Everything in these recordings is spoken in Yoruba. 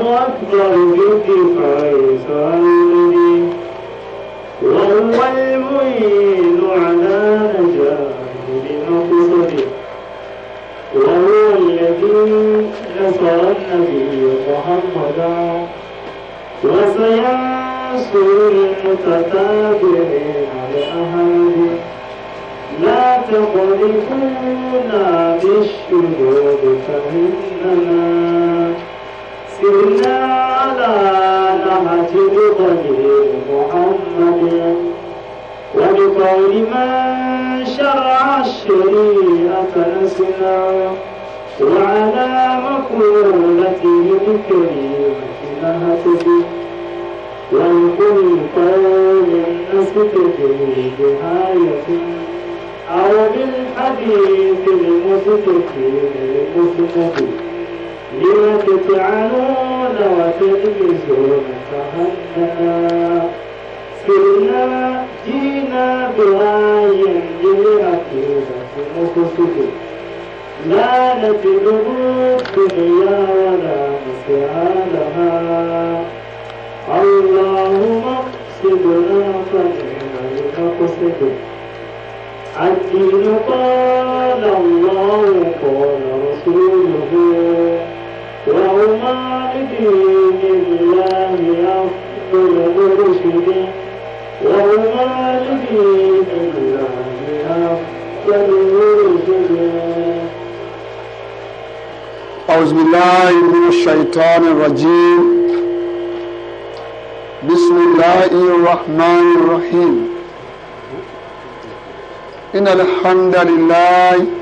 أكبر بكفاية عيني وهو المعين على نجاح بمقصده وهو الذي نصر النبي محمدا وسينصر المتتابعين لأهله لا تقذفونا بالشهود فإننا إلا على نهج غير محمد وبقول من شرع الشريعة أسنا وعلى مقولته الكريمة نهتدي ولكل قول نستكفي بآية أو بالحديث المستكفي المستكفي لما تفعلون وتلبسون فهمنا سرنا جينا براي للعقيدة المقصود لا نطلب الدنيا ولا مثالها اللهم اقصدنا فنعم المقصد الدين قال الله قال رسوله وما لدين الله أفضل مرشدا وما لدين الله أفضل مرشدا أعوذ بالله من الشيطان الرجيم بسم الله الرحمن الرحيم إن الحمد لله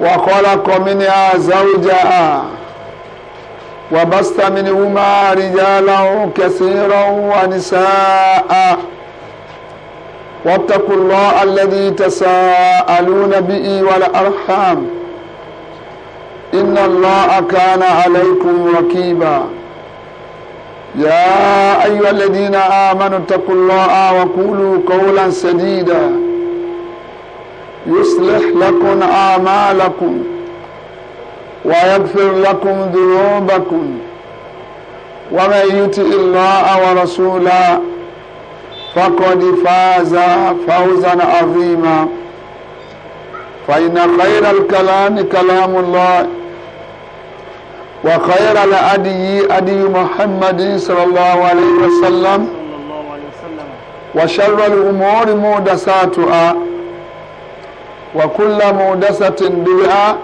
وخلق منها زوجها وبست منهما رجالا كثيرا ونساء واتقوا الله الذي تساءلون به والأرحام إن الله كان عليكم ركيبا يا أيها الذين آمنوا اتقوا الله وقولوا قولا سديدا يصلح لكم أعمالكم ويغفر لكم ذنوبكم ومن يطع الله ورسوله فقد فاز فوزا عظيما فإن خير الكلام كلام الله وخير الأدي أدي محمد صلى الله عليه وسلم وشر الأمور مودساتها وكل مودسة بدعة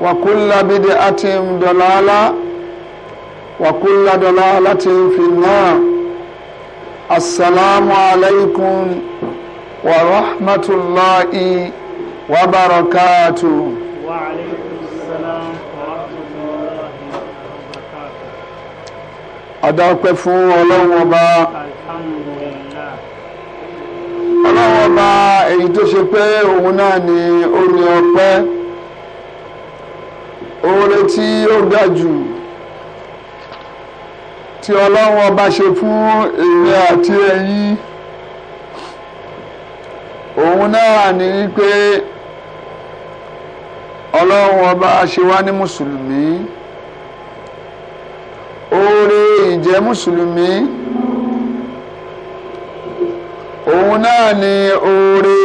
وكل بدعة ضلالة وكل ضلالة في النار السلام عليكم ورحمة الله وبركاته وعليكم السلام ورحمة الله وبركاته أدعوك èyí tó ṣe pé òun náà ni ó ní ọpẹ́ oore tí ó ga jù tí ọlọ́run ọba ṣe fún èmi àti ẹ̀yin òun náà ni pé ọlọ́run ọba ṣe wá ní mùsùlùmí oore ìjẹ́ mùsùlùmí òun náà ni oore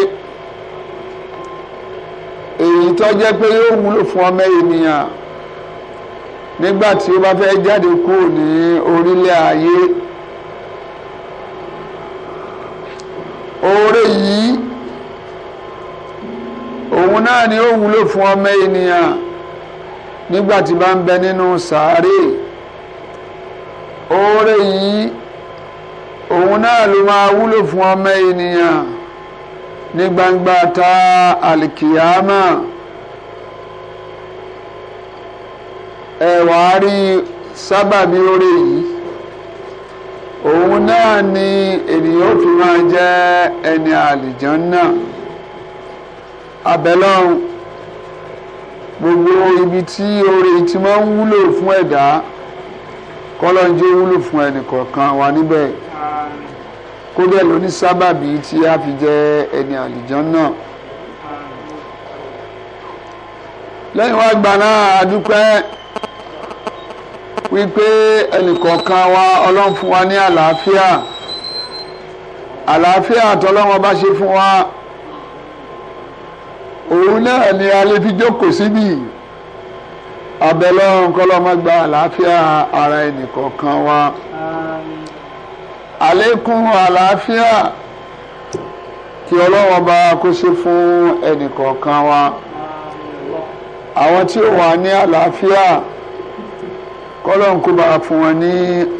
èyí tó jẹ́ pé yóò wúlò fún ọmọ ènìyàn nígbà tí ó bá fẹ́ jáde kúrò ní orílẹ̀ ayé oore yìí òun náà ni ó wúlò fún ọmọ ènìyàn nígbà tí bá ń bẹ nínú sàárè oore yìí òun náà ló máa wúlò fún ọmọ ènìyàn ní gbangba ta alikiyama ẹ rí sábàbí oore yìí òun náà ni ènìyàn ó fi máa jẹ ẹni àlìjànnà abẹ́lọ́run gbogbo ibi tí oore ti máa ń wúlò fún ẹ̀dá kọ́lọ́njẹ́ wúlò fún ẹnì kọ̀ọ̀kan wà níbẹ̀ kó dẹ̀ lóní sábàbí tí a fi jẹ́ ẹni àlìjànnà lẹ́yìn wá gbà náà a dúpẹ́ wípé ẹnìkọ̀ọ̀kan wa ọlọ́run fún wa ní àlàáfíà àlàáfíà tọ́lọ́wọ́n bá ṣe fún wa òun náà ni a fi jókòó síbí abẹ́lọ́run kọ́lọ́mọ́gba àlàáfíà ara ẹnìkọ̀ọ̀kan wa àlékún àlàáfíà kí ọlọ́wọ́n bá kó ṣe fún ẹnìkọ̀ọ̀kan wa àwọn tí ó wà ní àlàáfíà kọ́lọ́n kó bá fún wọn ní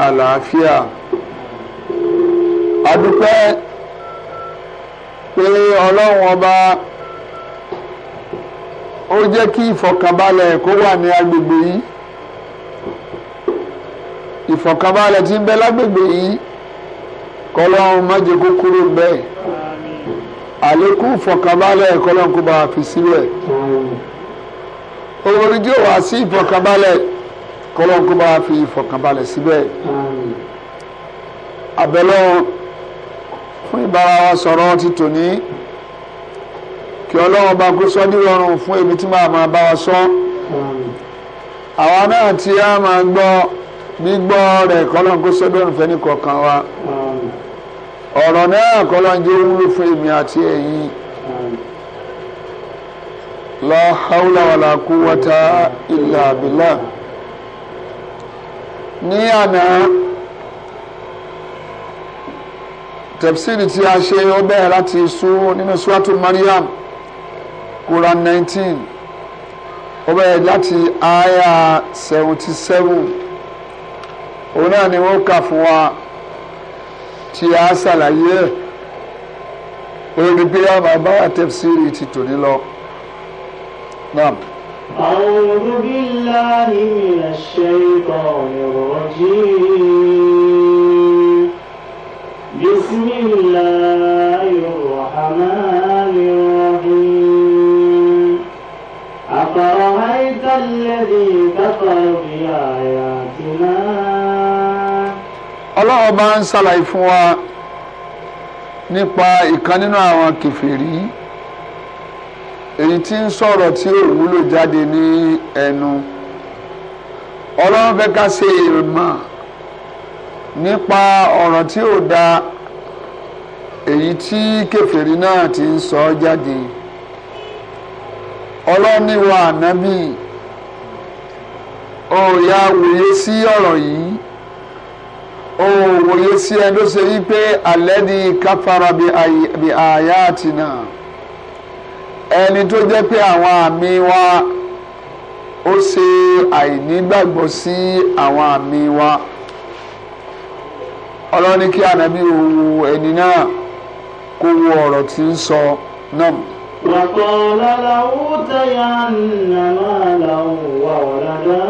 àlàáfíà adúpẹ́ pé ọlọ́run ọba ó jẹ́ kí ìfọ̀kànbalẹ̀ kó wà ní agbègbè yìí ìfọ̀kànbalẹ̀ tí ń bẹ lágbègbè yìí kọ́lọ́hún mọ́jẹ́ kó kúrò bẹ́ẹ̀ àlékún ìfọ̀kànbalẹ̀ kọ́lọ́hún kó bá a fi síbẹ̀ olórí jẹ́ wàá sí ìfọ̀kànbalẹ̀ kọ́lọ́hún kó bá a fi ìfọ̀kànbalẹ̀ síbẹ̀ àbẹ̀lọ́ fún ìbára wa sọ̀rọ̀ ti tòní kí ọlọ́run bá kó sọ́dí rọrùn fún èmi tí màá máa bá wa sọ àwa náà tí a máa gbọ́ gbígbọ́ rẹ̀ kọ́lọ́hún kó sọ́dí rọrùn ní kọ̀ọ̀kan wa. Amen ọ̀rọ̀ náà kọ́lọ́njẹ́ wúlò fún èmi àti ẹ̀yin la haula wala quwwata illa billah ní àná tẹ̀psìlì tí a ṣe ó bẹ̀rẹ̀ láti sú nínú suratu Maryam Quran 19 ó bẹ̀rẹ̀ láti aya 77 òun náà ni wọ́n kà fún wa tí a ṣàlàyé ẹ̀ olórí pé a máa bá àtẹ̀síìrì ti tòní lọ. أعوذ بالله من الشيطان الرجيم بسم الله الرحمن الرحيم أفرأيت الذي كفر بآياتنا ọlọ́run bá ń ṣàlàyé fún wa nípa ìkan nínú àwọn kèfèrí èyí tí ń sọ̀rọ̀ tí ò wúlò jáde ní ẹnu ọlọ́run fẹ́ ká ṣe ìmọ̀ nípa ọ̀rọ̀ tí ò da èyí tí kèfèrí náà ti ń sọ jáde ọlọ́niwa ànábì ó yá wòye sí ọ̀rọ̀ yìí wòye sí ẹni tó ṣe yí pé alẹ́ni káfara bí àyà àti náà ẹni tó jẹ́ pé àwọn àmì wa ó ṣe àìnígbàgbọ́ sí àwọn àmì wa ọlọ́ni kí ànábì òwú ẹni náà kó wo ọ̀rọ̀ tí ń sọ náà. وقال لأوتين مالا وولدا.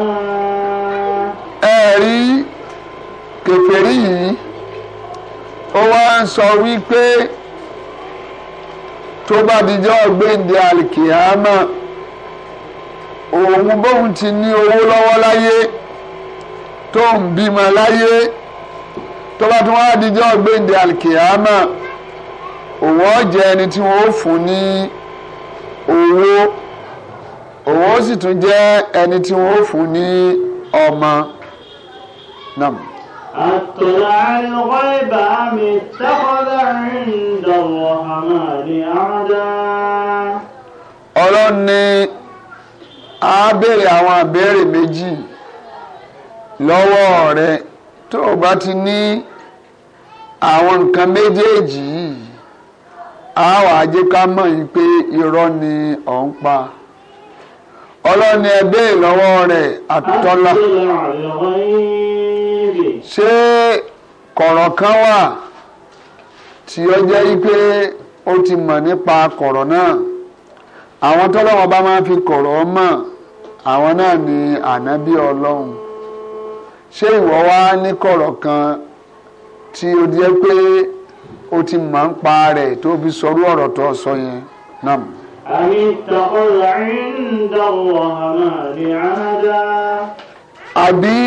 ẹ̀rí kèfèrí yìí ó wá ń sọ wípé tó bá dijọ́ gbéǹde alikiyama òun bóun ti ní owó lọ́wọ́ láyé tó ń bímọ láyé tó bá tún wá dijọ́ gbéǹde alikiyama òun ó jẹ ẹni tí wọ́n ó fún ní owó òun ó sì tún jẹ́ ẹni tí wọ́n ó fún ní ọmọ náà. أطلع الغيب أم اتخذ عند الرحمن عهدا ọlọ́run ní a béèrè àwọn àbéèrè méjì lọ́wọ́ rẹ tó o bá ti ní àwọn nǹkan méjèèjì yìí a wàá jẹ́ ká mọ̀ yín pé irọ́ ni ọ̀ ń pa ọlọ́run ní ẹ béèrè lọ́wọ́ rẹ àtọ́lá. àtọ́lá àlọ́ yín ṣé kọ̀rọ̀ kan wà tí ó jẹ́ wípé ó ti mọ̀ nípa kọ̀rọ̀ náà àwọn tọ́lọ́wọ́n bá máa fi kọ̀rọ̀ mọ̀ àwọn náà ni ànábì ọlọ́run ṣé ìwọ wá ní kọ̀rọ̀ kan tí ó jẹ́ pé ó ti mọ̀ ń pa rẹ̀ tó fi sọrú ọ̀rọ̀ tó sọ yẹn náà. àmì ìtàkùn rẹ̀ ń dọ̀wọ̀ àmàlẹ́ àádá. àbí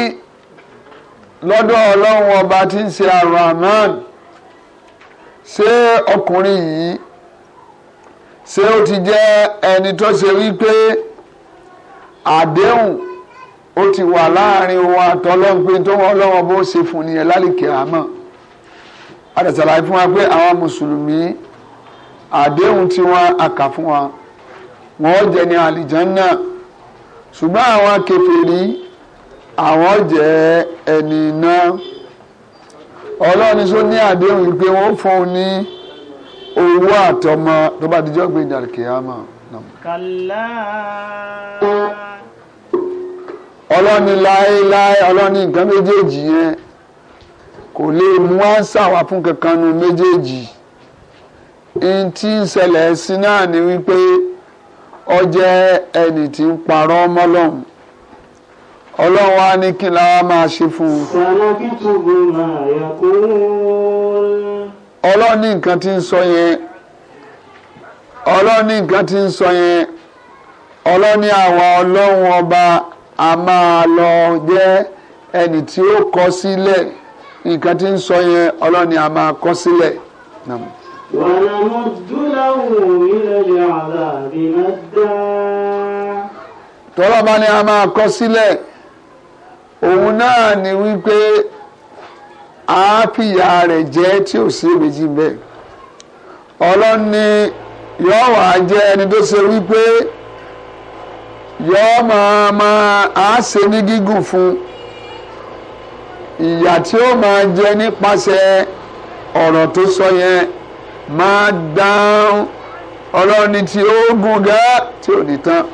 lọ́dọ̀ ọlọ́run ọba tí ń ṣe arahman ṣé ọkùnrin yìí ṣé ó ti jẹ́ ẹni tó ṣe wípé àdéhùn ó ti wà láàrin òun àtọ́lọ́gbẹ́ tó wọ́n lọ́wọ́ bó ṣe fún nìyẹn lálìkẹ́ àmọ́ àtẹ̀sàlàyé fún wa pé àwọn mùsùlùmí àdéhùn tí wọ́n àkà fún wa wọ́n jẹ ní àlìjánná ṣùgbọ́n àwọn kèfèrí àwọn jẹ́ ẹni iná ọlọ́run tó ní àdéhùn wípé wọ́n fún un ní owó àtọmọ tó bá dijọ́ gbé ìdàrúkìámà. kàlá. ọlọ́run láéláé ọlọ́run nǹkan méjèèjì yẹn kò lè mú àṣà wá fún kankan nu méjèèjì n tí ń ṣẹlẹ̀ sí náà ni wípé ó jẹ́ ẹni tí ń parọ́ mọ́lọ́run ọlọ́run ní kí ṣe fún un. sàlákì tó bó máa yà kó. ọlọ́run ní nǹkan tí ń sọ yẹn ọlọ́run ní nǹkan tí ń sọ yẹn ọlọ́run ní àwa ọlọ́run ọba a máa lọ jẹ́ ẹni tí ó kọ sílẹ̀ nǹkan ti ń sọ yẹn ọlọ́run a máa kọ sílẹ̀. tọ́lá bá ní a máa kọ sílẹ̀. òun náà ni wípé àáfìyà rẹ̀ jẹ́ tí ò sí èméjì bẹ́ẹ̀ ọlọ́run ni yóò wá jẹ́ ẹni tó ṣe wípé yóò máa máa á ṣe ní gígùn fún ìyà tí ó máa jẹ nípasẹ̀ ọ̀rọ̀ tó sọ yẹn máa dáhùn ọlọ́run ni tí ó gùn gẹ́ tí ò ní tán.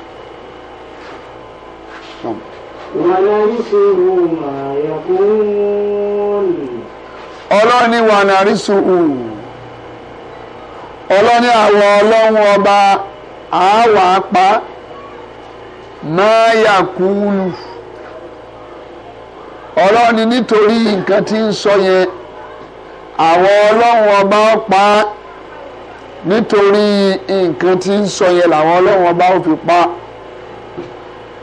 ọlọ́run ní wà náà rí sùúrù ọlọ́ni àwọn ọlọ́run ọba àáwà apá máa yà kúlù ọlọ́ni nítorí nǹkan tí ń sọ yẹn àwọn ọlọ́run ọba pa nítorí nǹkan tí ń sọ yẹn ọba ò fi pa.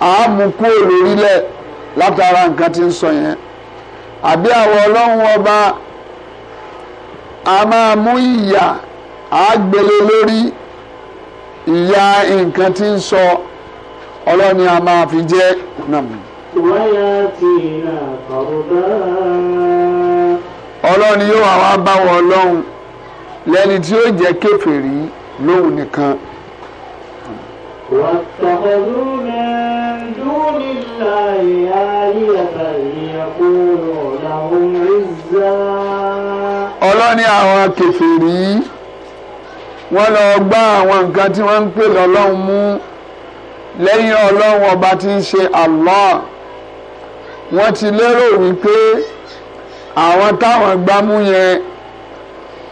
àámu kúrò lórílẹ̀ látara nǹkan tí ń sọ yẹn àbí àwọn ọlọ́run ọba a máa mú ìyà àgbélé lórí ìyà nǹkan tí ń sọ ọlọ́run ni a máa fi jẹ́ nàmú. wáyà tí ìlà kọ̀ọ̀dá. ọlọ́run ni yóò wá bá wọn ọlọ́run lẹ́ni tí ó jẹ́ kèfèrí lóhùn nìkan. wàá tọ́kọ̀ lórí. دون الله آلهة ليكونوا لهم عزا ọlọ́ni àwọn kèfèrí wọ́n lọ gbá àwọn nǹkan tí wọ́n ń pè lọ́lọ́run mú lẹ́yìn ọlọ́run ọba tí ń ṣe Allah wọ́n ti lérò wípé àwọn táwọn gbámú yẹn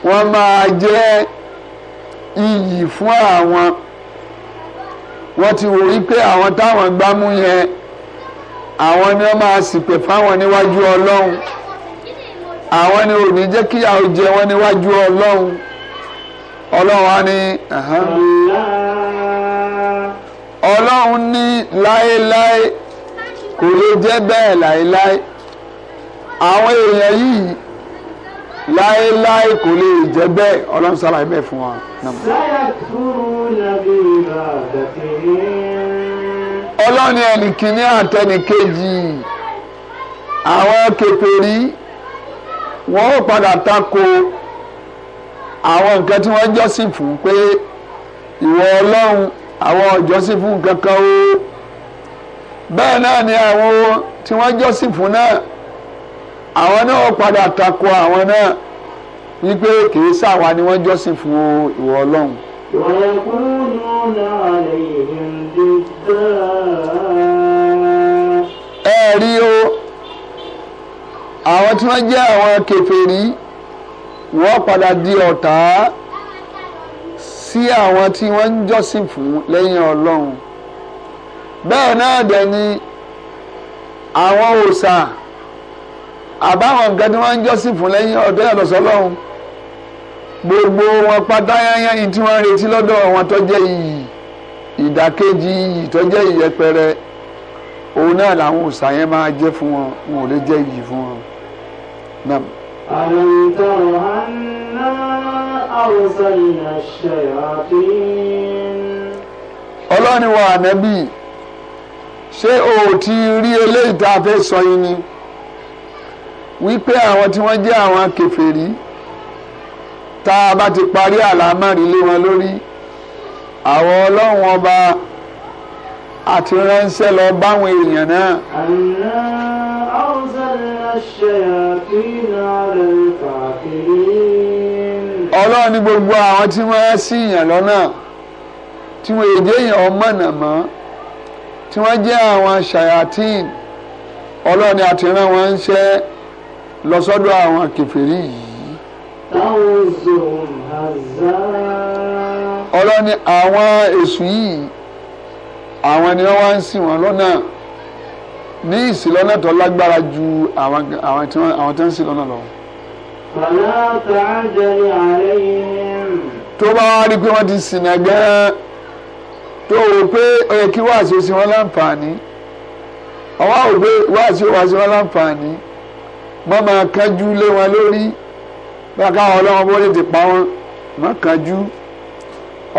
wọ́n máa jẹ́ iyì fún àwọn wọ́n ti wò wípé àwọn táwọn gbámú yẹn àwọn ni wọ́n máa ṣìpẹ̀ fáwọn níwájú ọlọ́run àwọn ni ò ní jẹ́ kí àwọn jẹ wọ́n níwájú ọlọ́run ọlọ́run á ní. ọlọ́run ní láéláé kò lè jẹ́ bẹ́ẹ̀ láéláé àwọn èèyàn yìí láéláé kò lè jẹ́ bẹ́ẹ̀ ọlọ́run ṣàlàyé bẹ́ẹ̀ fún wa. ọlọ́run ni ẹnìkíní àtẹnìkejì àwọn kèfèrí wọn ò padà tako àwọn nǹkan tí wọ́n jọ́sìn fún pé ìwọ ọlọ́run àwọn ọ̀jọ́sìn fún kankan o bẹ́ẹ̀ náà ni àwọn tí wọ́n jọ́sìn fún náà àwọn náà padà takò àwọn náà wípé kìí sáwa ni wọ́n jọ́sìn fún ìwọ ọlọ́run. ẹ rí o àwọn tí wọ́n jẹ́ àwọn kèfèrí wọ́n padà di ọ̀tá sí àwọn tí wọ́n ń jọ́sìn fún lẹ́yìn ọlọ́run bẹ́ẹ̀ náà dẹ̀ ni àwọn òòṣà àbáwọn nǹkan tí wọ́n ń jọ́sìn fún lẹ́yìn ọ̀dọ́ yàtọ̀ sọ́lọ́run gbogbo wọn pátá yányá yìí tí wọ́n ń retí lọ́dọ̀ wọn tó jẹ́ iyì ìdàkejì iyì tó jẹ́ ìyẹpẹrẹ òun náà làwọn òòsà yẹn máa jẹ́ fún wọn wọn ò lè jẹ́ iyì fún wọn. ọlọ́ni wa ànábì ṣé o ò ti rí eléyìí tá a fẹ́ sọ yín ni wípé àwọn tí wọ́n jẹ́ àwọn kèfèrí tá a bá ti parí àlámọ́rí lé wọn lórí àwọn ọlọ́run ọba àti ránṣẹ́ lọ báwọn èèyàn náà. ọlọ́run ní gbogbo àwọn tí wọ́n sí ìyàn lọ́nà tí wọ́n èdè èèyàn ọmọnà mọ́ tí wọ́n jẹ́ àwọn ṣàyàtíìn ọlọ́run àti rán wọn ń ṣẹ́ lọ sọ́dọ̀ àwọn kèfèrí yìí. táwọn zòun àzá. ọlọ́ni àwọn èṣù yìí àwọn ni wọ́n wá ń sìn wọ́n lọ́nà ní ìsìlọ́nà tó lágbára ju àwọn tí wọ́n ń sìn lọ́nà lọ. fàlà tàájẹ̀lì ààrẹ yìí. tó bá wá rí pé wọ́n ti ṣìnà gan-an tó o pé ó yẹ kí wàásù sí wọn láǹfààní ọwọ́ àwọn òwe wàásù wàásù wọn láǹfààní má máa kánjú lé wọn lórí bá káwọn ọlọ́run bó lè ti pa wọn má kánjú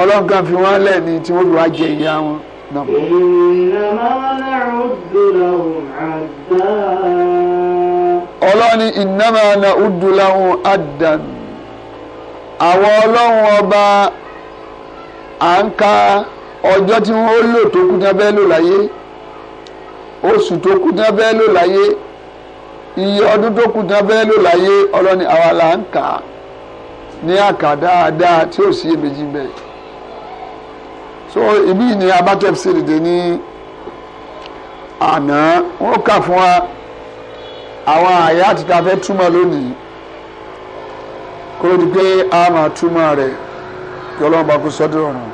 ọlọ́run kan fi wọ́n lẹ̀ ní tí wọ́n fi wá jẹ ìyá wọn. ọlọ́ni ìnáma na udulahun adan àwọn ọlọ́run ọba à ń ka ọjọ́ tí wọ́n lò tó kú tán bẹ́ẹ̀ lò láyé oṣù tó kú tán bẹ́ẹ̀ lò láyé iye ọdún tó kù tán bẹ́ẹ̀ ló láyé ọlọ́ni àwa là ń kà á ní àkà dáadáa tí ò sí èméjì bẹ́ẹ̀ so ibi ni abatep sì dìde ní àná wọn kà fún wa àwọn àyà àti tá a fẹ́ túmọ̀ lónìí kó di pé a máa túmọ̀ rẹ̀ kí ọlọ́run bá kó sọ́dọ̀ ọ̀run.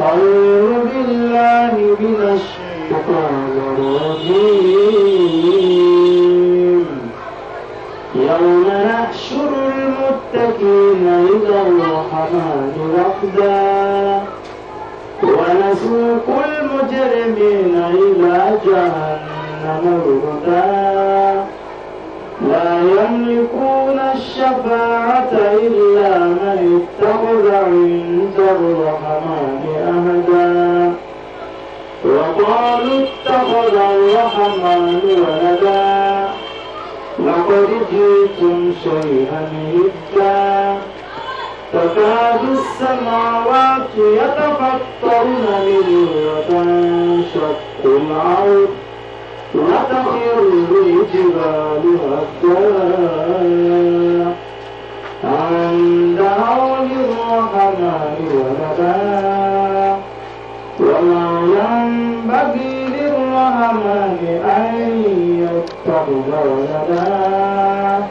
أعوذ بالله من الشيطان يوم نحشر إلى الرحمن ونسوق المجرمين إلى جهنم لا يملكون الشفاعة إلا من اتخذ عند الرحمن أهدا وقالوا اتخذ الرحمن ولدا لقد جئتم شيئا إدا تكاد السماوات يتفطرن منه وتنشق الأرض وتخر الجبال هدا عند عون الرحمن ولدا الحرام بأن يتخذ ولدا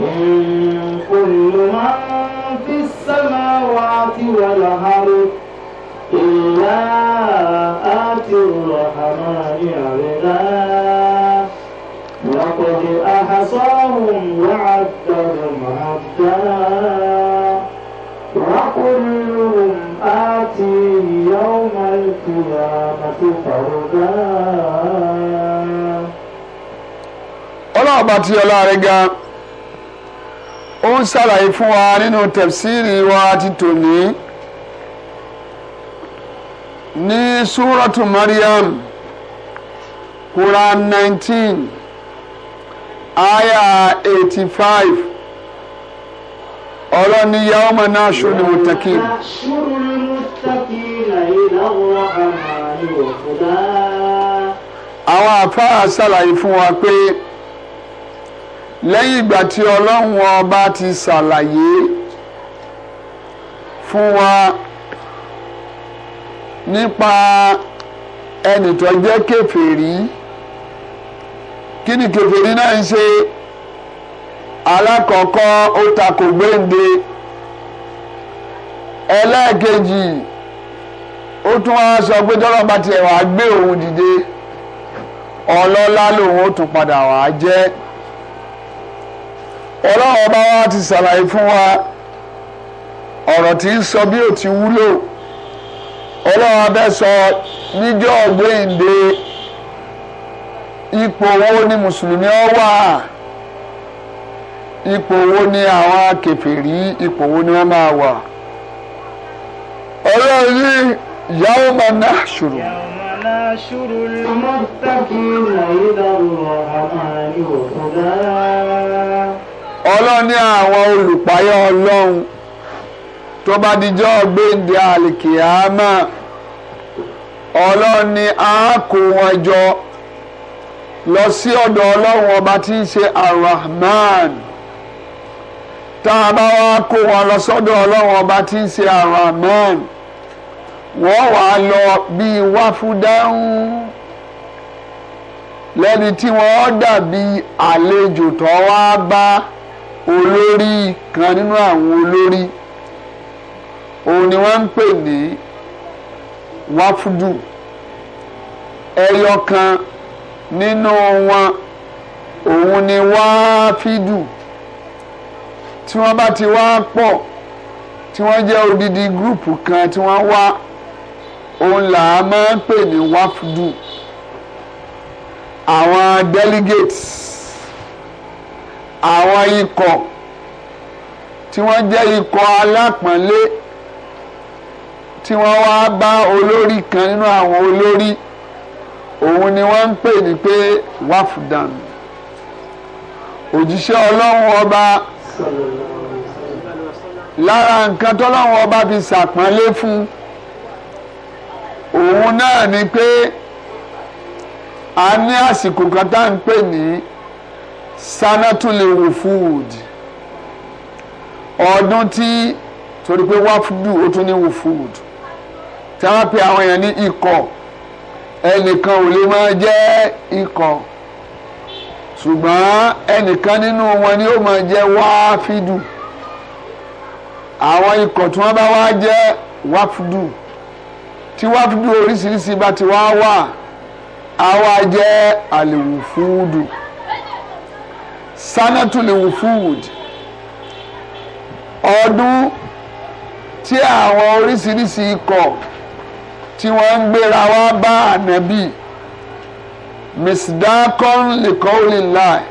إن كل في السماوات والأرض إلا آتي الرحمن عبدا لقد أحصاهم وعدهم عدا وقل ọlọ́run bá ti ọlá rẹ̀ ga ó ń ṣàlàyé fún wa nínú tẹ̀síìrì wa ti tòní ní súrọ́tù Mariam Quran nineteen aya eighty five ọlọ́ni yahoo náà ṣòro ní mọ̀tàkì àwọn àfáà ṣàlàyé fún wa pé lẹ́yìn ìgbà tí ọlọ́run ọba ti ṣàlàyé fún wa nípa ẹnì tó jẹ́ kèfèrí kí ni kèfèrí náà ń ṣe alákọ̀ọ́kọ́ ó takò gbéǹde ẹlẹ́ẹ̀kejì ó tún wá sọ pé tọ́lọ́ bá tiẹ̀ wá gbé òun dìde ọlọ́lá lòun ó tún padà wá jẹ́ ọlọ́run ọba wa ti ṣàlàyé fún wa ọ̀rọ̀ tí ń sọ bí ò ti wúlò ọlọ́run abẹ́ sọ níjọ́ ọ̀gbẹ́yìnde ipò owó ni mùsùlùmí ọ wà ipò owó ni àwọn kèfèrí ipò owó ni wọ́n máa wà ọlọ́run yìí. yàwùmá náà ṣòro. àwọn olùpayọ́ ọlọ́run tó bá dijọ́ gbéǹde àlìkìyàmá ọlọ́run ní a kó wọn jọ lọ sí ọ̀dọ̀ ọlọ́run ọba tí ṣe arahman tá a bá wá kó wọn lọ sọ́dọ̀ ọlọ́run ọba tí ṣe arahman. wọ́n wàá lọ bíi wáfúdáhùn lẹ́ni tí wọ́n dàbí àlejò tó wá bá olórí kan nínú àwọn olórí òun ni wọ́n ń pè ní wáfúdù ẹyọ kan nínú wọn òun ni wáfídù tí wọ́n bá ti wá pọ̀ tí wọ́n jẹ́ odidi gúrùpù kan tí wọ́n wá. Wa òun là á máa ń pè ní wáfúdù àwọn delegates àwọn ikọ̀ tí wọ́n jẹ́ ikọ̀ alápọ̀nlé tí wọ́n wá bá olórí kan nínú àwọn olórí òun ni wọ́n ń pè ní pé wáfúdàn òjíṣẹ́ ọlọ́run ọba lára nǹkan tọ́lọ́run ọba fi ṣàpọ́nlé fún un òun náà ni pé a ní àsìkò kan tá à ń pè ní sanatule wufud ọdún tí torí pé wáfúdù ó tún ní wufud tí wọ́n pe àwọn èèyàn ní ikọ̀ ẹnìkan ò lè máa jẹ́ ikọ̀ ṣùgbọ́n ẹnìkan nínú wọn ni ó máa jẹ́ wáfídù àwọn ikọ̀ tí wọ́n bá wá jẹ́ wáfúdù. Wa tí wá dúdú oríṣiríṣi bá ti wá wà á wá jẹ́ àlèwùfúùdù sanatulèwùfúùdù ọdún tí àwọn oríṣiríṣi ikọ̀ tí wọ́n ń gbéra wá bá ànábì misdakon likowlilai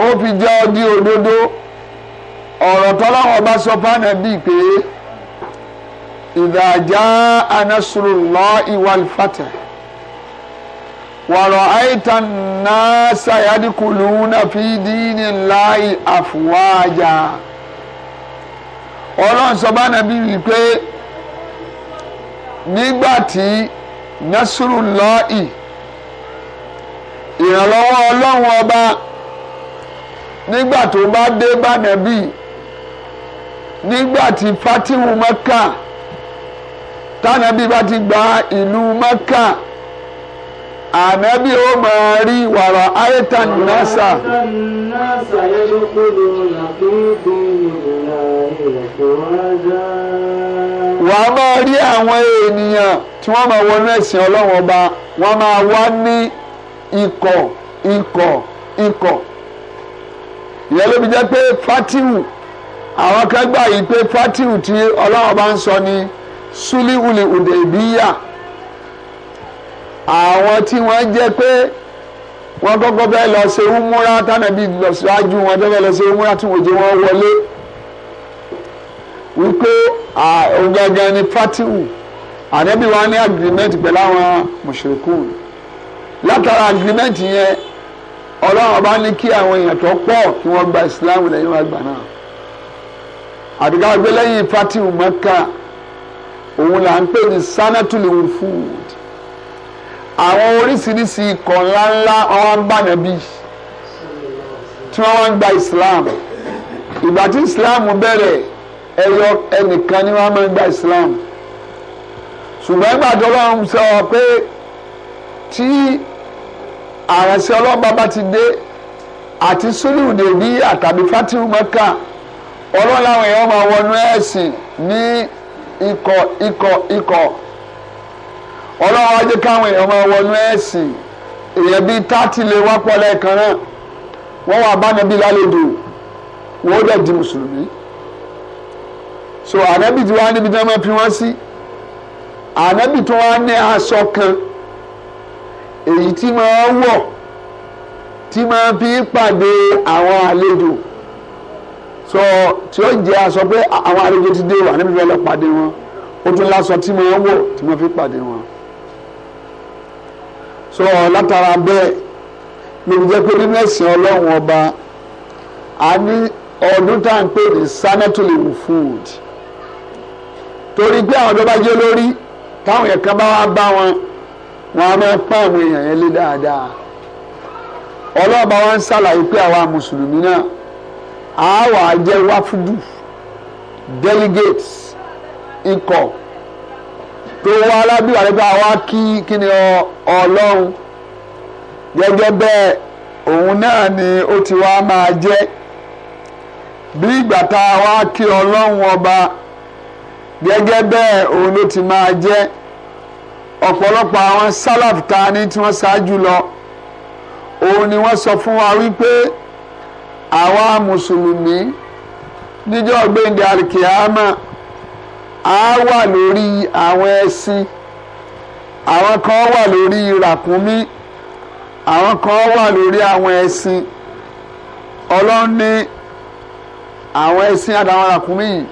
ó fi jẹ́ ọdí òdodo ọ̀rọ̀ tọ́lá wọn bá sọ fún ànábì pé. إذا جاء نصر الله والفتح ورأيت الناس يدخلون في دين الله أفواجا ọlọ́run sọ bá nàbí wí pé nígbà tí nẹ́sùrù lọ́ọ̀ì ìrànlọ́wọ́ ọlọ́run ọba nígbà tó bá dé bá nàbí nígbà tí fatihu mẹ́kà tànàbí bá ti gba ìlú mẹ́kà ànábì ó máa rí wàrà àìtàn násà. wà á máa rí àwọn ènìyàn tí wọ́n máa wọnú ẹ̀sìn ọlọ́run ọba wọ́n máa wá ní ikọ̀ ikọ̀ ikọ̀ ìyẹn ló fi jẹ́ pé fatihu àwọn kan gbà yìí pé fatihu tí ọlọ́run ọba ń sọ ni. So súlí ulì Hudaybiya àwọn tí wọ́n jẹ́ pé wọ́n kọ́kọ́ bẹ́ẹ̀ lọ ṣe umura tánàbí lọ síwájú wọn jẹ́ lọ ṣe umura tí wọ́n jẹ́ wọ́n wọlé wípé ọ̀gangan ni fatihu àdẹ́bí wa ní agreement pẹ̀lú àwọn mushrikun látara agreement yẹn ọlọ́run ọba ní kí àwọn èèyàn tó pọ̀ kí wọ́n gba ìsìláàmù lẹ́yìn wa gbà náà àdìgbà gbé lẹ́yìn fatihu mẹ́kà òun là ń pè ní sanatuli food. àwọn oríṣiríṣi ikọ̀ ńláńlá wọn ń bànà bí tí wọ́n wá ń gba Islam ìgbà tí Islam bẹ̀rẹ̀ ẹyọ ẹnìkan ni wọ́n máa ń gba Islam ṣùgbọ́n ìgbà tó lọ́wọ́ sọ pé tí àrẹ̀sẹ̀ ọlọ́ba bá ti dé àti sólùdè bí àtàbí fatihu mẹ́ka ọlọ́run làwọn èèyàn máa wọnú ẹ̀sìn ní ikọ̀ ikọ̀ ikọ̀ ọlọ́run ajé káwọn èèyàn máa wọnú ẹ̀sìn èèyàn bíi tátì lè wá pọ̀ lẹ́ẹ̀kan náà wọ́n wà bánẹ́bí lálejò wọ́n ó dẹ̀ di mùsùlùmí so ànábì tí wàá níbi tí wọ́n máa fi wọ́n sí ànábì tí wọ́n á ní aṣọ kan èyí tí máa wọ̀ tí máa fi pàdé àwọn àlejò so tí ó jẹ́ aṣọ pé àwọn arúgbó ti dé wà níbi fẹ́ lọ pàdé wọn ó tún láṣọ tí mo wọ̀ tí mo fi pàdé wọn so látara bẹ́ẹ̀ lóbi jẹ́ pé nínú ẹ̀sìn ọlọ́run ọba a ní ọdún tá à ń pè ní sanatoly food torí pé àwọn tó bá jẹ́ lórí táwọn yẹn kan bá wá bá wọn wọn á máa pa àwọn èèyàn yẹn lé dáadáa ọlọ́ọ̀bá wa ń ṣàlàyé pé àwa mùsùlùmí náà àwa jẹ́ wáfúdù delegates ikọ̀ tó wá alábí wà nípa àwa kí kí ni ọlọ́run gẹ́gẹ́ bẹ́ẹ̀ òun náà ni ó ti wá máa jẹ́ bí ìgbà tá a wá kí ọlọ́run ọba gẹ́gẹ́ bẹ́ẹ̀ òun ló ti máa jẹ́ ọ̀pọ̀lọpọ̀ àwọn sálàf ta ni tí wọ́n ṣáájú lọ òun ni wọ́n sọ fún wa wípé àwa mùsùlùmí níjọ́ gbẹ̀ndẹ̀ alikiyama á wà lórí àwọn ẹṣin àwọn kan wà lórí ràkúnmí àwọn kan wà lórí àwọn ẹṣin ọlọ́run ní àwọn ẹṣin àtàwọn ràkúnmí yìí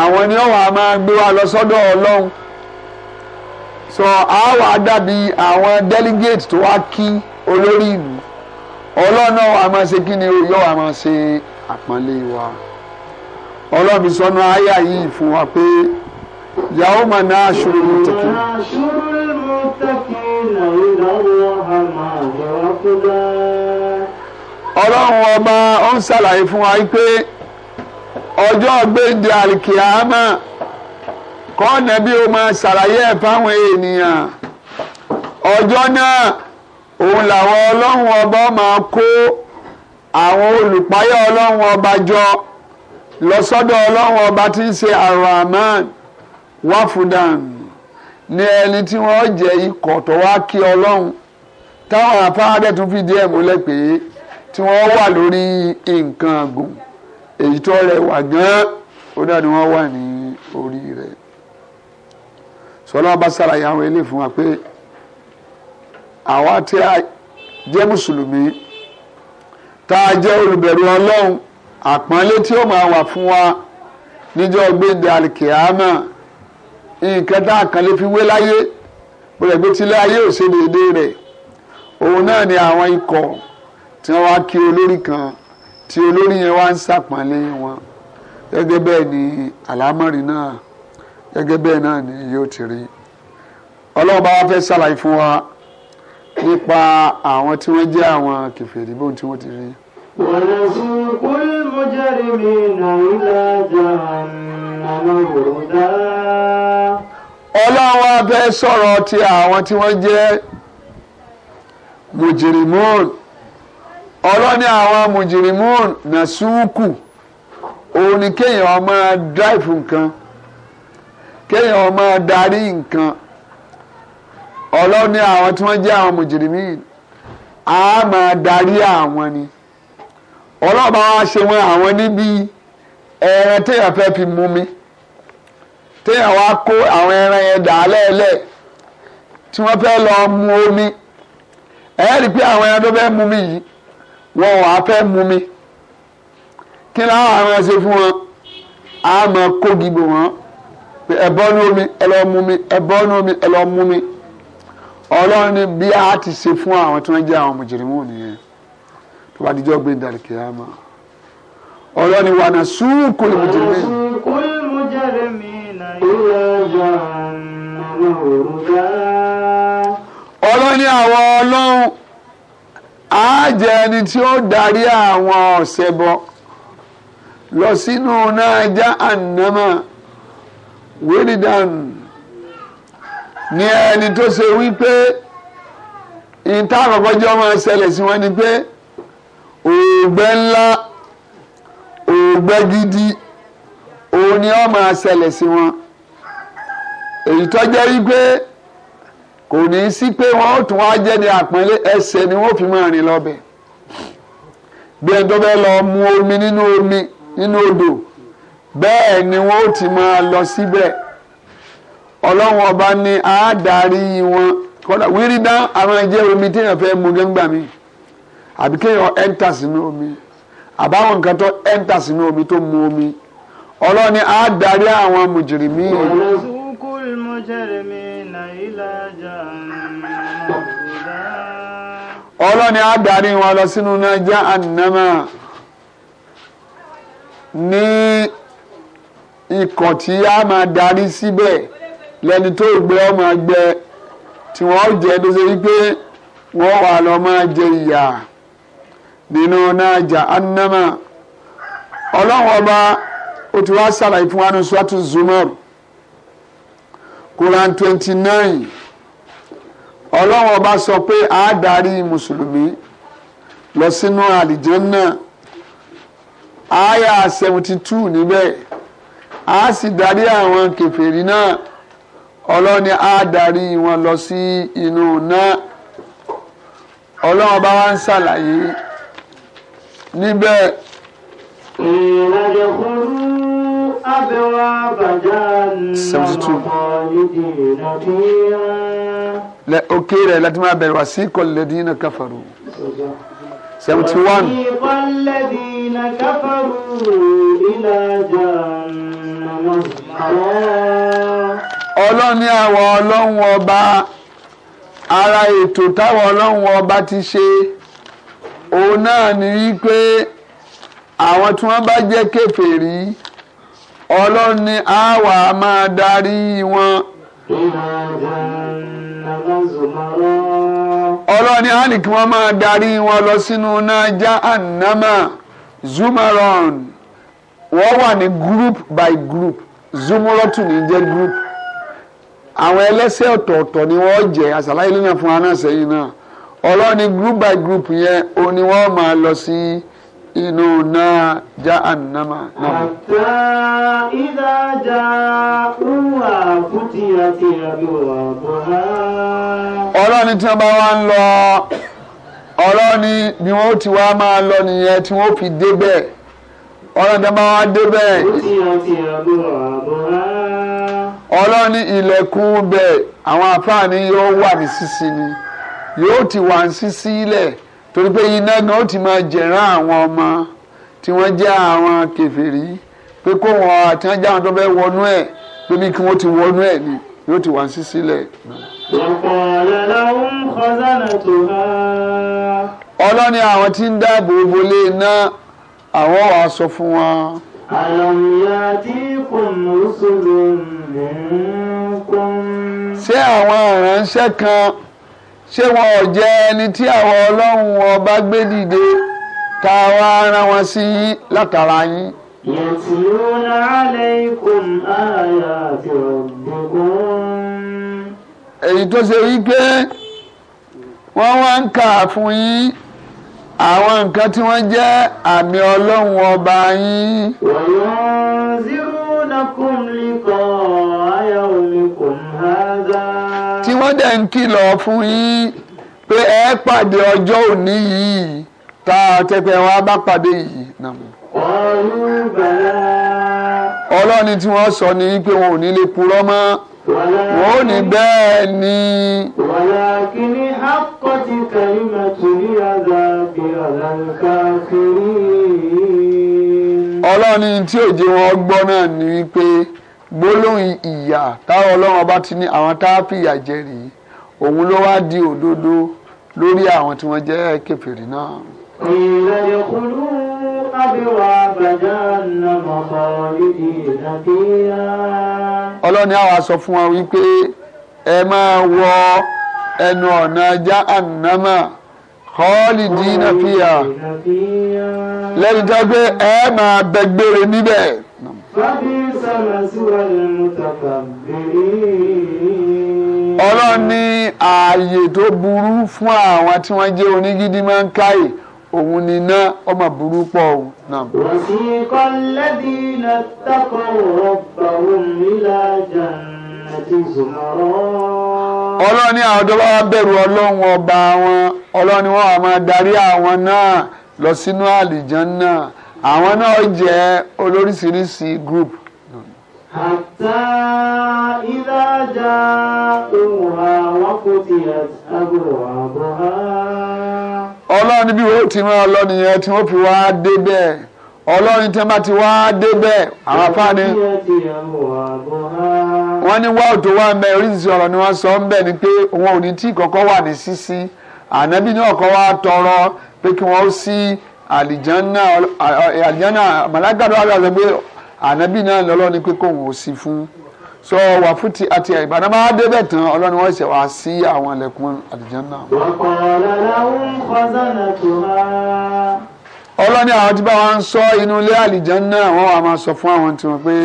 àwọn ni ọ̀wà máa gbé wa lọ sọ́dọ̀ ọlọ́run so àwa dàbí àwọn delegate tó wá kí olórí ìlú ọlọ́nà wa máa ṣe kí ni o yọ wa ṣe àpọ́nlé wa ọlọ́bi sọnù yìí fún wa pé yàwó máa ná aṣọ́rò ló tẹ̀kí. ọlọ́run ọba ó ń ṣàlàyé fún wa pé ọjọ́ gbèdé àlìkìyàmà kọ́ọ̀nà bí máa ṣàlàyé ẹ̀ fáwọn òun làwọn ọlọ́run ọba máa kó àwọn olùpáyà ọlọ́run ọba jọ lọ sọ́dọ̀ ọlọ́run ọba tí ń ṣe Ar-Rahman wáfúdàn ní ẹni tí wọ́n jẹ́ ikọ̀ tó wá kí ọlọ́run táwọn afárádẹ́ tún fìdí ẹ̀ múlẹ̀ pé tí wọ́n wà lórí nǹkan àgùn èyí tó rẹwà gan-an ó dà ní wọ́n wà ní orí rẹ̀ sọlá ọba sàlàyé àwọn ilé fún wa pé àwa tí a jẹ́ mùsùlùmí tá a jẹ́ olùbẹ̀rù ọlọ́run àpọ́nlé tí ó máa wà fún wa níjọ́ gbéǹde àlìkìámà nǹkan tá a kàn lè fi wé láyé olùgbé tilé ayé ò ṣe déédéé rẹ̀ òun náà ni àwọn ikọ̀ tí wọ́n wá kí olórí kan tí olórí yẹn wá ń ṣàpọ́nlé wọn gẹ́gẹ́ bẹ́ẹ̀ ni àlámọ̀rí náà gẹ́gẹ́ bẹ́ẹ̀ náà ni yóò ti rí ọlọ́run bá wá fẹ́ ṣàlàyé fún wa nípa àwọn tí wọ́n jẹ́ àwọn kèfèrí bóun tí wọ́n ti rí. wàlẹ̀ sí kúlì mọ́jẹ́rì mi nàìjíríà jahannama rọ̀dá. ọlọ́run wa fẹ́ sọ̀rọ̀ ti àwọn tí wọ́n jẹ́ mùjìrìmọ́ọ̀n ọlọ́ni àwọn mùjìrìmọ́ọ̀n nà súnkù òun ni kéèyàn máa dáìfù nǹkan kéèyàn máa darí nǹkan ọlọ́run ní àwọn tí wọ́n jẹ́ àwọn mùjìrìmí a máa darí àwọn ni ọlọ́run bá wá ṣe wọn àwọn níbi ẹran téèyàn fẹ́ fi mú mi téèyàn wá kó àwọn ẹran yẹn dà á lẹ́ẹ̀lẹ́ tí wọ́n fẹ́ lọ mu omi ẹ rí i pé àwọn ẹran tó fẹ́ mu mi yìí wọn wàá fẹ́ mu mi kí ni àwọn àwọn ẹsẹ̀ fún wọn a máa kó gbogbo wọn ẹ bọ́ ní omi ẹ lọ mu mi ẹ bọ́ ní omi ẹ lọ mu mi ọlọ́run ní bí a ti ṣe fún àwọn tí wọ́n jẹ́ àwọn mùjìrìmù nìyẹn tó bá dijọ́ gbé dàríkì àmà ọlọ́run ní wàhánà sùúkù mùjìrìmù. sùúkù mùjìrìmù náà yóò yọ àwọn òrùka. ọlọ́run ní àwọn ọlọ́run á jẹ́ ẹni tí ó darí àwọn ọ̀sẹ̀ bọ́ lọ sínú náà já ànámà wíìdì dànù ní ẹni tó ṣe wípé ìta àkọ́kọ́jọ́ máa ṣẹlẹ̀ sí wọn ni pé òògbẹ́ ńlá òògbẹ́ gidi òun ni ó máa ṣẹlẹ̀ sí wọn èyí tó jẹ́ wípé kò ní í sí pé wọn ó tún wá jẹ́ ní àpọ́nlé ẹsẹ̀ ni wọ́n fi máa rìn lọ́bẹ̀ bí ẹni tó bẹ́ẹ̀ lọ mu omi nínú omi nínú odò bẹ́ẹ̀ ni wọ́n ó ti máa lọ síbẹ̀. Si ọlọ́run ọba ni àádárí wọn kọ́dà wírídá àwọn ẹ̀jẹ̀ omi téèyàn fẹ́ mú gẹ́gbà mi àbí kéèyàn ẹ́ńtà sínú omi àbáwọn nǹkan tó sínú omi tó mu omi ọlọ́run ni àádárí àwọn mùjìrìmí. ọ̀nàkùnkùn wọn lọ sínú ní ikọ̀ lẹ́ni tó gbé ọmọ gbẹ tí wọ́n jẹ tó ṣe wípé wọ́n wà lọ máa jẹ ìyà nínú náà jà ánámà ọlọ́run ọba ó ti wá ṣàlàyé fún wa ní zumar Quran twenty nine ọlọ́run ọba sọ pé àádárí mùsùlùmí lọ sínú àlìjánná àyà seventy two níbẹ̀ a sì darí àwọn kèfèrí náà ọlọ́ni á darí wọn lọ sí inú náà ọlọ́run bá wá ń ṣàlàyé níbẹ̀. ìrìnàjò kúrú abẹ́wà bàjá nà òkè rẹ̀ láti máa bẹ̀rẹ̀ wá sí kọ̀lẹ́dì náà káfàrú. seventy one. الذين كفروا إلى جهنم ọlọ́ni àwa ọlọ́run ọba ara ètò táwọn ọlọ́run ọba ti ṣe òun náà ni wípé àwọn tí wọ́n bá jẹ́ kèfèrí ọlọ́run ni àwa máa darí wọn. ọlọ́run ni àní kí wọ́n máa darí wọn lọ sínú náà jahannama zumaron wọ́n wà ní group by group zumurọ́tù ní jẹ́ group. àwọn ẹlẹ́sẹ̀ ọ̀tọ̀ọ̀tọ̀ ni wọ́n jẹ́ àṣàlàyé nínú fún wa sẹ́yìn náà ọlọ́ni group by group yẹn o ni wọ́n máa lọ sí inú náà já ànámà náà. àtà ìdá já rúwà fúti àti àbíwà bọ̀há. ọlọ́ni tí wọ́n bá wá ń lọ ọlọ́ni bí wọ́n ti wá máa lọ nìyẹn tí wọ́n fi débẹ̀ ọlọ́ni tí wọ́n bá wá débẹ̀. àti ọlọ́ni ilẹ̀kùn bẹ́ẹ̀ àwọn afáàní yóò wà ní sísí ni yóò ti wà ní sísí ilẹ̀ torí pé iná gan ó ti máa jẹ̀rán àwọn ọmọ tí wọ́n jẹ́ àwọn kèfèrí pé kó wọn àti wọn jẹ́ àwọn tó fẹ́ wọnú ẹ̀ bíbí kí wọ́n ti wọnú ẹ̀ ni yóò ti wà ní sísí ilẹ̀. ọlọ́ni àwọn tí ń dáàbò bolé iná àwọn wàá sọ fún wọn. ألم يأتكم رسل منكم ṣé àwọn aránṣẹ́ kan ṣé wọn ò jẹ́ ẹni tí àwọn ọlọ́run ọba gbé dìde tá wá rán wọn sí yín látara yín. yẹtùlúnà aleikum àyà àti ọ̀gbọ̀n. èyí tó ṣe wípé wọ́n wá ń kà fún yín àwọn nǹkan tí wọ́n jẹ́ àmì ọlọ́run ọba yín. wayunzirunakum liqa yawmikum hadha. tí wọ́n dẹ̀ ń kìlọ̀ fún yín pé ẹ pàdé ọjọ́ òní yìí tá a tẹpẹ wọn bá pàdé yìí. ọlọ́ni tí wọ́n sọ ni pé wọn ò ní lè purọ́ mọ́ wọ́n ní bẹ́ẹ̀ ni. wàlákìní akọ́tí kẹ́límà kìlí àgbà bíọ̀lá káfírí. ọlọ́ni tí òjò wọn gbọ́ náà ni wípé gbólóhùn ìyà táwọn ọlọ́run ọba ti ní àwọn tá a fìyà jẹ rèé òun ló wá di òdodo lórí àwọn tí wọ́n jẹ́ kèfèrí náà. ìlànà kúlúù. أبواب جهنم خالدين فيها ọlọ́ni àwa sọ fún wa wípé ẹ máa wọ ẹnu ọ̀nà jahannama khalidina fiha lẹ́yìn tó gbé ẹ máa bẹ gbére níbẹ̀. fabisa maswal mutakabbirin. ọlọ́ni ààyè tó burú fún àwọn tí wọ́n jẹ́ onígídí máa ń káyè. òun ni iná ọmọ buru pọ̀ òun náà. wàsí kọ́lẹ́dì iná tọkọ̀ ọ̀pọ̀ òun nílà jàǹdàtì zùmọ̀rọ̀. ọlọ́run ní àwọn tó bẹ̀rù ọlọ́run ọba wọn ọlọ́run ni wọ́n máa darí àwọn náà lọ sínú àwọn náà jẹ́ olóríṣiríṣi group ọlọ́run níbi ìwé tí wọ́n lọ nìyẹn tí wọ́n fi wá dé bẹ́ẹ̀ ọlọ́run tí wọ́n bá ti wá dé bẹ́ẹ̀ àwọn afáàní. wọ́n ní wá òtò wá ń bẹ oríṣiríṣi ọ̀rọ̀ ni wọ́n sọ ń bẹ̀ ni pé wọn ò ní tí kọ́kọ́ wà ní sísí ànábì náà kọ́ wá tọrọ pé kí wọ́n sí àlìjánná àlìjánná màlágàdo àgbà sọ pé ànábì náà lọ́lọ́ ni pé kóun ò sí fún so wà fún ti àti ẹ̀yìn bàdá máa débẹ̀ tán ọlọ́run wọ́n ṣe wá sí àwọn ẹlẹ́kùn àlìjánnà. ọlọ́run ní àwọn tí bá wọn ń sọ inú ilé àlìjánnà wọ́n wà máa sọ fún àwọn tí wọ́n pé.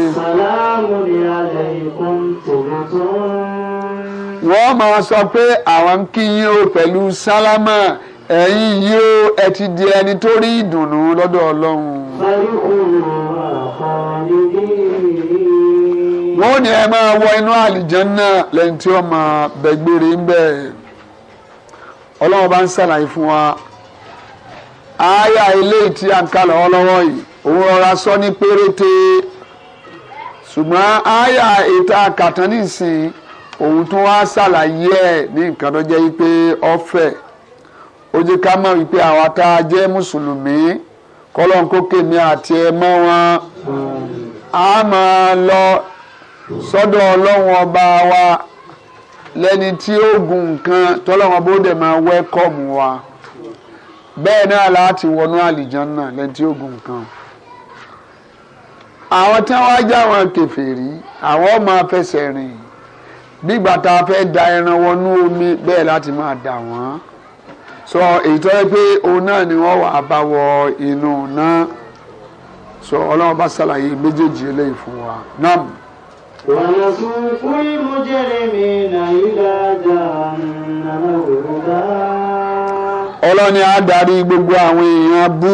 wọ́n máa sọ pé àwọn ń kí o pẹ̀lú sálámà ẹ̀yin yìí o ẹ ti di ẹni tó rí ìdùnnú lọ́dọ̀ ọlọ́run wọn ò ní ẹ máa wọ inú àlìjánná lẹ́yìn tí wọ́n máa bẹ̀gbére ń bẹ̀ ọlọ́run bá ń ṣàlàyé fún wa àáyá eléyìí tí a ń kà lọ́wọ́lọ́wọ́ yìí òun rọra sọ ní péréte ṣùgbọ́n àáyá ìta kàtán nìsín òun tún wá ṣàlàyé ẹ̀ ní nǹkan tó jẹ́ wípé ọ̀fẹ́ ó ká mọ̀ wípé àwa tá a jẹ́ mùsùlùmí kọ́lọ́n kó àti ẹ̀ mọ́ wọn a máa lọ sọ́dọ̀ ọlọ́run ọba wa lẹ́ni tí ó gun nǹkan tọ́lọ́run ọba ó dẹ̀ máa wẹ́kọ̀mù wa bẹ́ẹ̀ náà láti wọnú àlìjánná lẹ́ni tí ó gun nǹkan. àwọn tí wọ́n já wọn kèfèrí àwọn máa fẹsẹ̀ rìn bígbà tá a fẹ́ da ẹran wọnú omi bẹ́ẹ̀ láti máa dà wọ́n sọ èyí tó yẹ pé òun náà ni wọ́n wà bá wọ inú náà sọ ọlọ́run bá ṣàlàyé méjèèjì eléyìí fún wa náà. ونسوق المجرمين إلى جهنم وردا ọlọ́ni á darí gbogbo àwọn èèyàn bú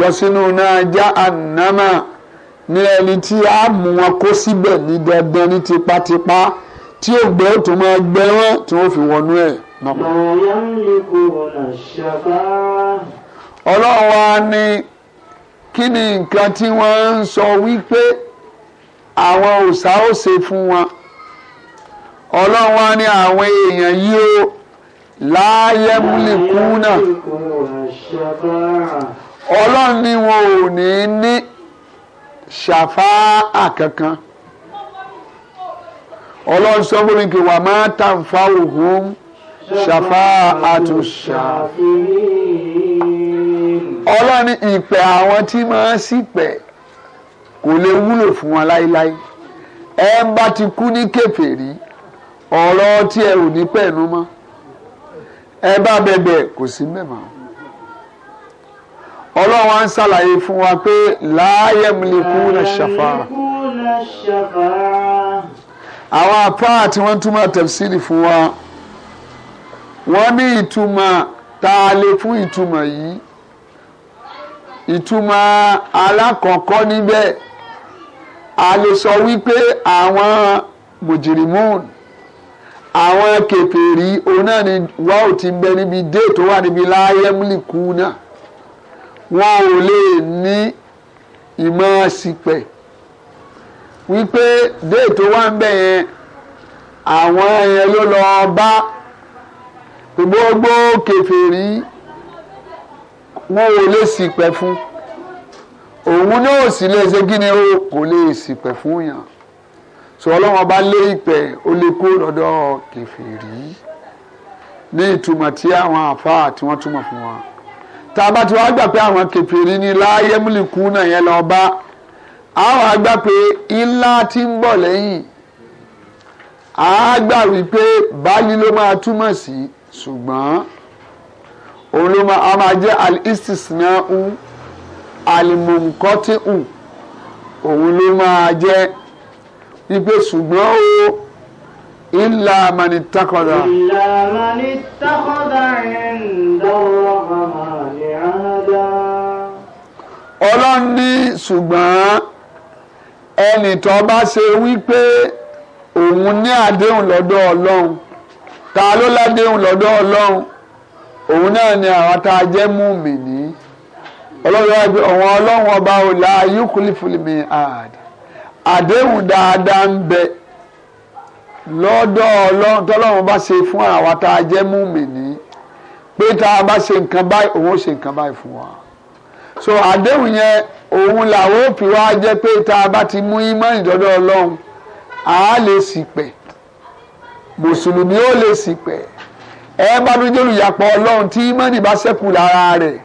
lọ sínú náà jahannama ní ẹni tí a mú wọn kó síbẹ̀ ní dandan ní tipátipá tí ògbẹ́ ò tún máa gbẹ wọ́n tí wọ́n fi wọnú ẹ̀. ọlọ́run wa ni kí ni nǹkan tí wọ́n ń sọ wípé àwọn òòṣà ó ṣe fún wọn ọlọ́run wa ní àwọn èèyàn yìí ó láàyè múlikú náà ọlọ́run ni wọn ò ní ní ṣàfáà kankan ọlọ́run sọ fún mi pé wà máa tàn fáwọ̀hún ṣàfáà àtúnṣà ọlọ́run ìpè àwọn tí máa sì pẹ̀ kò lè wúlò fún wọn láéláé ẹ bá ti kú ní kèfèrí ọ̀rọ̀ tí ẹ ò ní pẹ̀lú mọ́ ẹ bá bẹ̀bẹ̀ kò sí mẹ́mọ́ ọlọ́run wa ń ṣàlàyé fún wa pé láàyè múlẹ̀kú rẹ̀ ṣàfà àwọn apá tí wọ́n túmọ̀ tẹ̀síìlì fún wa wọ́n ní ìtumọ̀ tá lè fún ìtumọ̀ yìí ìtumọ̀ alákọ̀ọ́kọ́ níbẹ̀ a lè sọ wípé àwọn mùjìrìmùn àwọn kèfèrí òun náà ni wáò ti ń bẹ níbi dé tó wà níbi láyémùlìkù náà wọn ò lè ní ìmọ̀ sípẹ̀ wípé dé tó wà ń bẹ yẹn àwọn yẹn ló lọ bá gbogbo kèfèrí wọn ò lè sípẹ̀ fún un òun náà sì lè ṣe kí ni o kò lè ṣìpẹ̀ fún yàn sọ ọlọ́run ọba lé ìpẹ́ ó lè kó lọ́dọ̀ kẹfìrí ní ìtumọ̀ tí àwọn àfáà tí wọ́n túmọ̀ fún wa tá a bá ti wá gbà pé àwọn kẹfìrí ni láàyè múlìkù náà yẹn lọ bá àwọn àgbà pé ilá ti ń bọ̀ lẹ́yìn a gbà wípé báyìí ló máa túmọ̀ sí ṣùgbọ́n òun ló máa jẹ́ al-istisna'u alimunkọ́tíhù òun ló máa jẹ́ ipe ṣùgbọ́n o ilà mani takọ̀dà. ilà mani takọ̀dà ìdáwọ̀ àmàlẹ́ àádá. ọlọ́run ní ṣùgbọ́n ẹnì tó bá ṣe wípé òun ní àdéhùn lọ́dọ̀ ọlọ́run ta ló ládéhùn lọ́dọ̀ ọlọ́run òun náà ni àwọn tá a jẹ́ mùmínì ọlọ́run wá gbé ọ̀wọ́n ọlọ́run ọba ò la ayúkúlífùlì mi àd àdéhùn dáadáa ń bẹ lọ́dọ̀ ọlọ́run tọ́lọ́run bá ṣe fún àwa tá a jẹ́ mùmínì pé tá a bá ṣe nǹkan báyìí òun ó ṣe nǹkan báyìí fún wa so àdéhùn yẹn òun làwọn òpì wa jẹ́ pé tá a bá ti mú ìmọ̀ ìdọ́dọ̀ ọlọ́run à á lè sì pẹ̀ mùsùlùmí ó lè sì pẹ̀ ẹ bá dúdú olùyàpọ̀ ọlọ́run tí ìmọ̀ ìbá ṣẹ́kù lára rẹ̀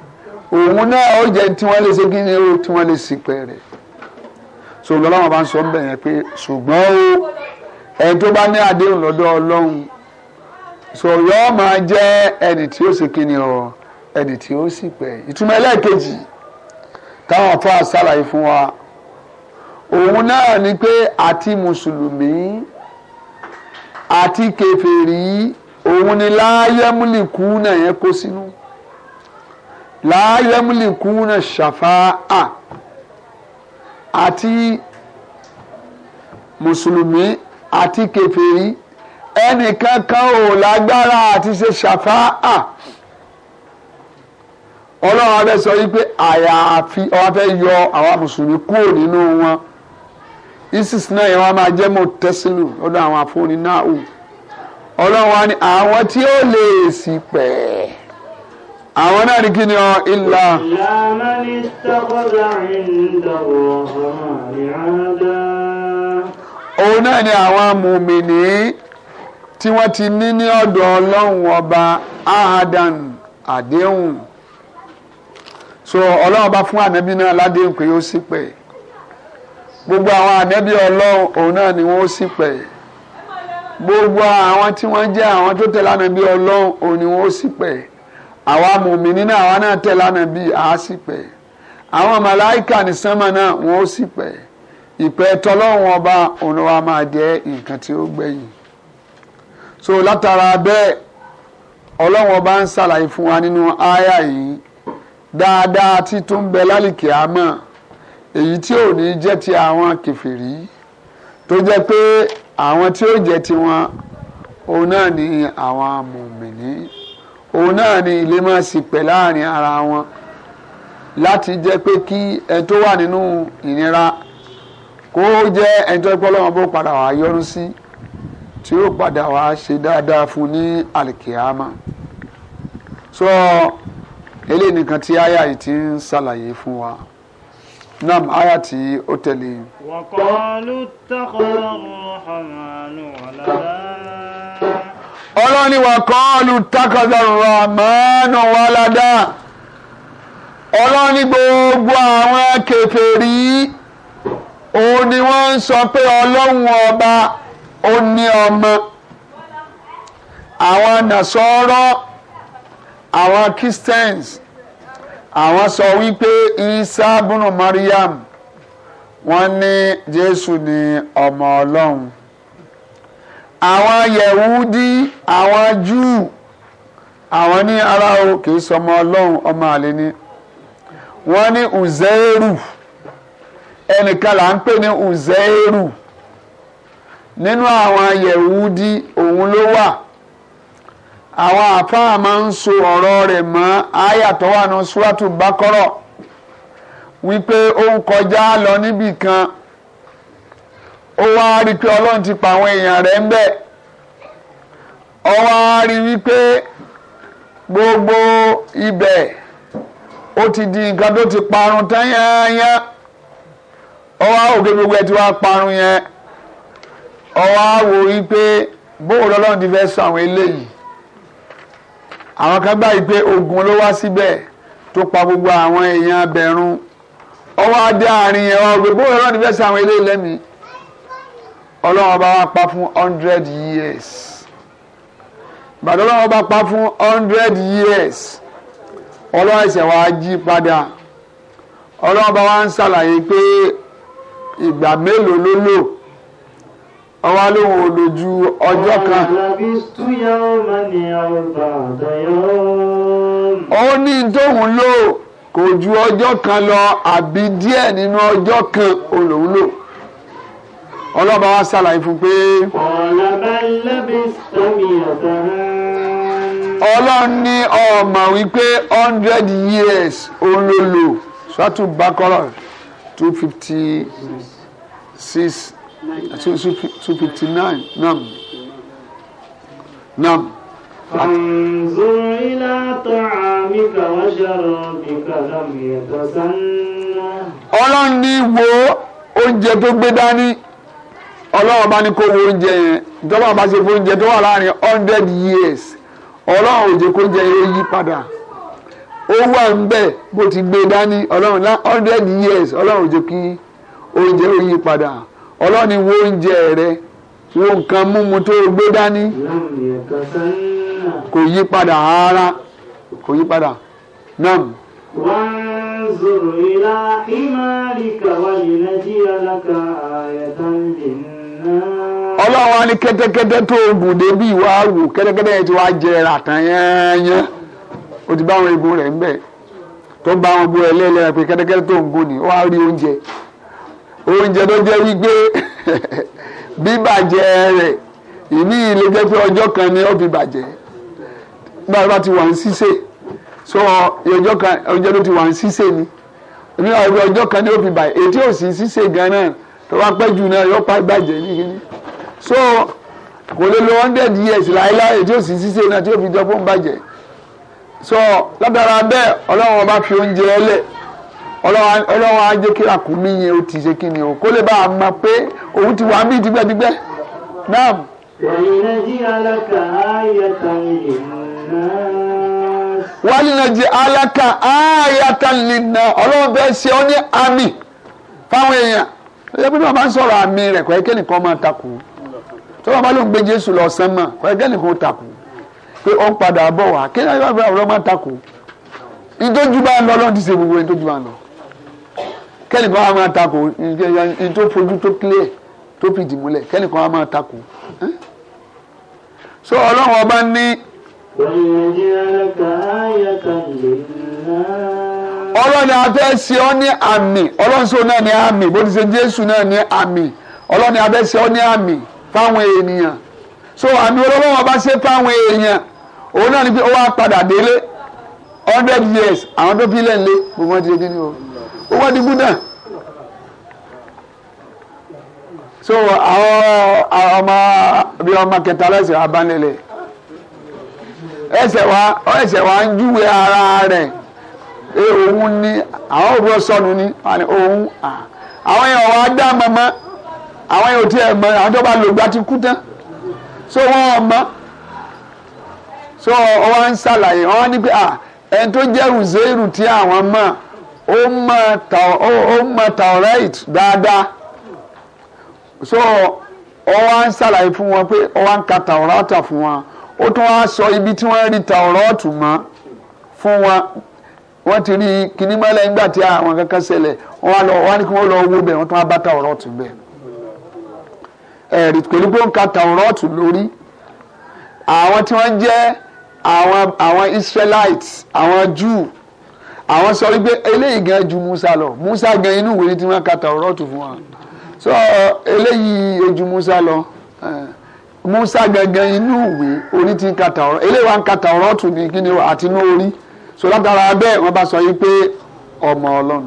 òun náà ó jẹ́ tí wọ́n lè ṣe kí ni ó tí wọ́n lè sì pẹ́ rẹ̀ so lọ́lọ́wọ́n bá ń sọ bẹ́ẹ̀ yẹn pé ṣùgbọ́n o ẹni tó bá ní àdéhùn lọ́dọ̀ ọlọ́run so yọ́ọ́ máa jẹ́ ẹni tí ó ṣe kí ni ọ ẹni tí ó sì pẹ́ ìtumọ̀ ẹlẹ́ẹ̀kejì táwọn afọ àṣàlàyé fún wa òun náà ni pé àti mùsùlùmí àti kèfèrí òun ni láyé múlìkú náà yẹn kó sínú láyẹ̀múlì kúnà ṣàfáà àti mùsùlùmí àti kèfèrí ẹnìkankan ò lágbára àti ṣe ṣàfáà ọlọ́run abẹ́ sọ wípé àyàfi ọba fẹ́ yọ àwọn mùsùlùmí kúrò nínú wọn isis náà yẹn wọn máa jẹ́ mọ́ tẹ́sílù lọ́dọ̀ àwọn afọ́ni náà ọlọ́run wa ni àwọn tí ó lè sì pẹ́ẹ́ àwọn náà ní kí ni ọ ilà. ìlànà ní sọ́kọ́dà ìdánwò ọ̀hún àríyànjá. òun náà ni àwọn mùmìnì tí wọ́n ti ní ní ọ̀dọ̀ ọlọ́run ọba ahadan àdéhùn so ọlọ́run bá fún ànábì náà ládéhùn pé ó sì pẹ̀ gbogbo àwọn ànábì ọlọ́run òun náà ni wọ́n sì pẹ̀ gbogbo àwọn tí wọ́n jẹ́ àwọn tó tẹ̀lé ànábì ọlọ́run òun ni wọ́n sì pẹ̀ àwa mùmíní náà àwa náà tẹ̀lé ànábì á sì pẹ̀ àwọn màláìkà ní sánmà náà wọ́n ó sì pẹ̀ ìpẹ́ tọ́lọ́run ọba òun wa máa jẹ́ nǹkan tí ó gbẹ̀yìn so látara bẹ́ẹ̀ ọlọ́run ọba ń ṣàlàyé fún wa nínú áyà yìí dáadáa tí tó ń bẹ lálìkè àmọ́ èyí tí ò ní jẹ́ ti àwọn kèfèrí tó jẹ́ pé àwọn tí ó jẹ́ tiwọn òun náà ni àwọn mùmíní òun náà ni ilé máa sì pẹ̀ láàrin ara wọn láti jẹ́ pé kí ẹni tó wà nínú ìnira kó jẹ́ ẹni tó pọ́ lọ́wọ́ bó padà wá yọ́nú sí tí ó padà wá ṣe dáadáa fún ní àlìkìyàmá so eléyìí nìkan tí aya yìí ti ń ṣàlàyé fún wa nam aya tí ó tẹ̀lé. wọ́n kọ́ ló tẹ́kọ̀ọ́ rọ̀ hàn án ní wàlá ọlọ́ni wà kọ́ọ̀lù takọ̀dọ̀ rọ̀mọ́nù wàládà ọlọ́ni gbogbo àwọn kèfèrí òun ni wọ́n ń sọ pé ọlọ́run ọba ó ní ọmọ àwọn nàṣọ́rọ́ àwọn christians àwọn sọ wípé isa bùnú Mariam wọ́n ní Jésù ni ọmọ ọlọ́run. àwọn yẹ̀wúdí àwọn júù àwọn ní ara o kì í sọmọ ọlọ́run ọmọ àlè ni wọ́n ní ùzẹ́ẹ̀rù ẹnìkan là ń pè ní ùzẹ́ẹ̀rù nínú àwọn yẹ̀wúdí òun ló wà àwọn àfáà máa ń so ọ̀rọ̀ rẹ̀ mọ́ àyàtọ̀ wà ní bákọ́rọ̀ wípé ó ń kọjá lọ ó wá rí i pé ọlọ́run ti pa àwọn èèyàn rẹ̀ ń bẹ̀ ó wá rí i wípé gbogbo ibẹ̀ ó ti di nǹkan tó ti parun tán yányán ó wá òkè gbogbo ẹ ti wá parun yẹn ó wá wò wípé bóun lọ́lọ́run ti fẹ́ sọ àwọn eléyìí àwọn kan gbà wípé ogun ló wá síbẹ̀ tó pa gbogbo àwọn èèyàn abẹ̀rún ó wá dé àárín yẹn ó wá bóun lọ́lọ́run ti fẹ́ sọ àwọn eléyìí lẹ́mìí ọlọ́run bá wá pa fún hundred years ìbàdàn ọlọ́run bá pa fún hundred years ọlọ́run ẹ̀sẹ̀ wá jí padà ọlọ́run bá wá ń ṣàlàyé pé ìgbà mélòó ló lò ọwọ́ lóhùn olójú ọjọ́ kan. ó ní tóhùn lò kò ju ọjọ́ kan lọ àbí díẹ̀ nínú ọjọ́ kan olóhùn lò ọlọ́ba wa ṣàlàyé fún pé. ọlọ́run ní ọmọ wípé hundred years òun ló lò bákọ́rọ̀ two fifty six two fifty nine nam nam. فانظر إلى طعامك وشرابك لم يتسنه. ọlọ́run ní wo oúnjẹ tó gbé ọlọ́run bá ní kó wo oúnjẹ yẹn bá ṣe fún oúnjẹ tó wà láàrin hundred years ọlọ́run ò kó oúnjẹ yẹn yí padà ó wà ń bẹ̀ bó gbé dání ọlọ́run lá hundred years ọlọ́run ò kí oúnjẹ yí padà ọlọ́run ni wo oúnjẹ rẹ wo nǹkan múmu tó o gbé dání kò yí ọlọ́run wa ní kẹ́tẹ́kẹ́tẹ́ tó gùn débi ìwà wò kẹ́tẹ́kẹ́tẹ́ yẹn ti wá jẹrà tán yẹ́nyẹ́ o ti bá àwọn egun rẹ̀ ń bẹ̀ tó bá àwọn egun rẹ̀ lẹ́lẹ́ pé kẹ́tẹ́kẹ́tẹ́ tó ń gùn ni ó wá rí oúnjẹ oúnjẹ tó jẹ́ wípé bíbàjẹ́ rẹ̀ ìní ilé jẹ́ pé ọjọ́ kan ni ó fi bàjẹ́ nígbà tó bá ti wà ń ṣiṣẹ́ so ọjọ́ kan ọjọ́ ló ti wà ń ṣiṣẹ́ ni nígbà ọjọ́ kan ni ó fi bàjẹ́ ètí òsì ṣiṣẹ́ gan náà tó bá pẹ́ jù náà yóò pa ìbàjẹ́ ní kíní so kò lè lo hundred years láéláé tí ó sì ṣiṣe náà tí ó fi jọ fún bàjẹ́ so látara bẹ́ẹ̀ ọlọ́run ọba fi oúnjẹ ẹlẹ̀ ọlọ́run á jẹ́ kí ràkúnmí yẹn ó ti ṣe kí ni o kó lè bá a mọ̀ pé òun ti wà bí dígbẹ́dígbẹ́ náà. wálé náà jẹ́ aláka áyàtà lìnà ọlọ́run bẹ́ẹ̀ ṣe ọ́ ní àmì fáwọn èèyàn ẹ̀yẹ́ pé wọ́n bá ń sọ̀rọ̀ àmì rẹ̀ kọ́ ẹ́ kẹ́nìkan máa takùn. tọ́wọ́ bá ló ń gbé jésù lọ sánmà ọ̀rẹ́gẹ́ nìkan takò pé ó ń padà bọ̀ wá kí náà yóò fẹ́ àwọn ọmọ takò ìtọ́jú ń lọ ṣe gbogbo ìtọ́jú ń lọ kẹ́nìkan á máa takò ìtọ́ fojú tó clear tó múlẹ̀ kẹ́nìkan máa takò so ọlọ́run ọba ní. ọlọ́run ṣe ọ́ ní àmì ọlọ́run ṣe ọ́ náà ní àmì bó ti ṣe jésù náà ní àmì ọlọ́run ṣe ọ́ ní àmì. fáwọn èèyàn so àmì olówó bá ṣe fáwọn èèyàn òun náà ni pé ó wá padà délé hundred years àwọn tó fi lẹ́ǹlé gbogbo ti kí ni o ó wá di buddha so àwọn ọmọ bí ọmọ kẹta wa wa ń júwe ara òun ni àwọn ni àwọn yẹn wà á àwọn yóò tiẹ̀ mọ àwọn tó bá lò gba ti kú tán so wọn ò mọ so wọn ń ṣàlàyé wọn ní pé à ah, ẹni tó jẹ́ rùzéèrù tí àwọn mọ̀ ó mọ̀ tàwọ̀rẹ́ìt dáadáa so ó wá ń ṣàlàyé fún wọn pé ó wá ń ka tàwọ̀rọ̀tà fún wọn ó tún wá sọ ibi tí wọ́n rí tàwọ̀rọ̀tù mọ́ fún wọn wọ́n ti rí kíní nígbà tí àwọn kankan ṣẹlẹ̀ wọ́n wá ní kí wọ́n lọ wó bẹ̀ wọ́n tún wá bá tàwọ̀rọ̀tù bẹ́ẹ̀ ẹ̀rí kò ní gbóǹkà tàwọ́rọ́ọ̀tù lórí àwọn tí wọ́n jẹ́ àwọn àwọn israelites àwọn jew àwọn sọ wípé eléyìí gan ju musa lọ musa gan inú ìwé ni tí wọ́n ka tàwọ́rọ́ọ̀tù fún wa so eléyìí ojú musa lọ eh, musa gangan inú ìwé orí ti ń ka tàwọ́rọ́ eléyìí wa ń ka tàwọ́rọ́ọ̀tù ní kíni àti inú orí so látara bẹ́ẹ̀ wọ́n bá sọ yìí pé ọmọ ọlọ́run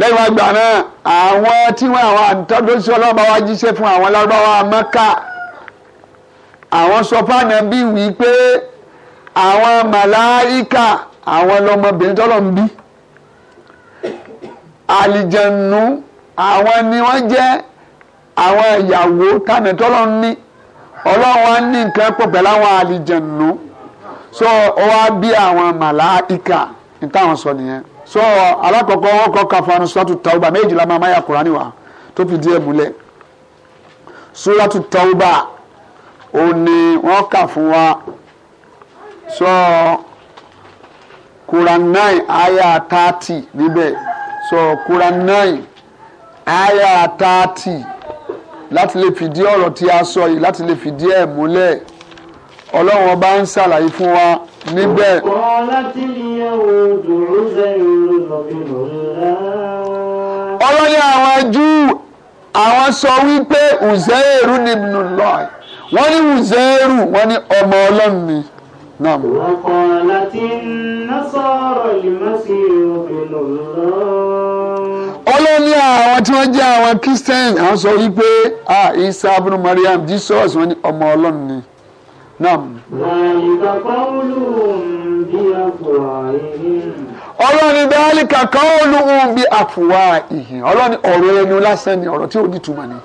lẹ́yìn wá gbà náà àwọn tí wọ́n àwọn àtọ́jọ́sí ọlọ́run bá wá jíṣẹ́ fún àwọn lárúbáwá mẹ́kà àwọn sọ fáànà bí wípé àwọn màláíkà àwọn lọmọbìnrin tọ́lọ̀ ń bí àlìjẹ̀nù àwọn ni wọ́n jẹ́ àwọn ìyàwó tànà tọ́lọ̀ ń ní ọlọ́run wá ní nǹkan pọ̀ pẹ̀lú àwọn àlìjẹ̀nù so ó wá bí àwọn màláíkà ní sọ nìyẹn so alákọ̀ọ́kọ́ wọn kọ́ ka fanu suratu tauba méjìlá la mama ya kúránì wá tó fi díẹ̀ múlẹ̀ suratu tauba òun ni kà fún wa so quran nine aya thirty níbẹ̀ so quran nine aya thirty láti lè fìdí ọ̀rọ̀ tí a sọ yìí láti lè fìdí ẹ̀ múlẹ̀ ọlọ́run ọba ń ṣàlàyé fún wa níbẹ̀. ọlọ́run ní àwọn Júù àwọn sọ wípé Uzairu ni Ibnullah wọ́n ní Uzairu wọ́n ní ọmọ ọlọ́run ni. نعم وقالت النصارى àwọn tí wọ́n jẹ́ àwọn christian àwọn sọ wípé ah isa abunu mariam jesus wọ́n ní ọmọ ọlọ́run ni. Nam. Ọlọ́ni dáálì kàkà olóhùn bí àfùwá ìhìn. Ọlọ́ni ọ̀rọ̀ ẹnu lásán ni ọ̀rọ̀ tí ò ní túmọ̀ ni.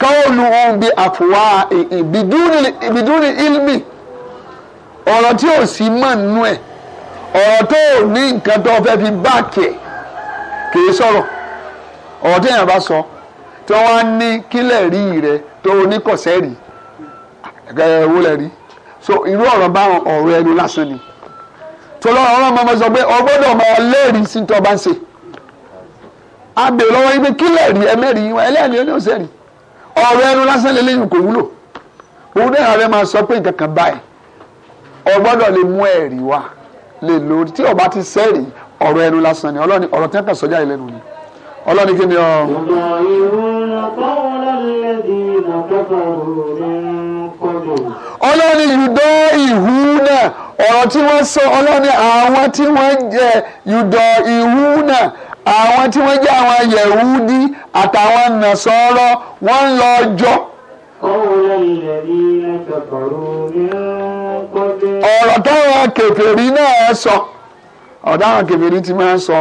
Káwọ́lùhùn bí àfùwá ìhìn. Bìdúni ilmi. Ọ̀rọ̀ tí ò sí mọ̀ nínú ẹ̀. Ọ̀rọ̀ tó ò ní nǹkan tó fẹ́ fi báàkì ẹ̀. Kìí sọ̀rọ̀. Ọ̀rọ̀ tí èèyàn bá sọ. Tí wọ́n á ní kílẹ̀ rí rẹ̀ tó oníkọ̀sẹ́ rí ẹ owó lẹ so irú ọ̀rọ̀ báwọn ọ̀rọ̀ ẹnu lásán ni tọ́lọ́rọ̀ ọlọ́run máa sọ pé ọgbọ́dọ̀ máa lẹ́rìí sí tọ́ bá ń ṣe a bèrè lọ́wọ́ yín pé kí lẹ́rìí ẹ mẹ́rìí wọn ẹlẹ́rìí ó ní òsèrìí ọ̀rọ̀ ẹnu lásán lè léyìn kò wúlò òun náà rẹ máa sọ pé nǹkan kan báyìí ọgbọ́dọ̀ lè mú ẹ̀rí wá lè lórí tí ọba ti sẹ́rìí ọ̀rọ̀ ẹnu lásán ni ọlọ́ni ọ̀rọ̀ tí wọ́n ni ọlọ́ni ọ ọlọ́ni yùdọ́ ìhú náà ọ̀rọ̀ tí wọ́n sọ ọlọ́ni àwọn tí wọ́n jẹ yùdọ̀ ìhú náà àwọn tí wọ́n jẹ́ àwọn yẹ̀wúdí àtàwọn nàṣọ́rọ́ wọ́n ń lọ jọ. ọ̀rọ̀ táwọn kèfèrí náà sọ ọ̀rọ̀ táwọn kèfèrí ti máa ń sọ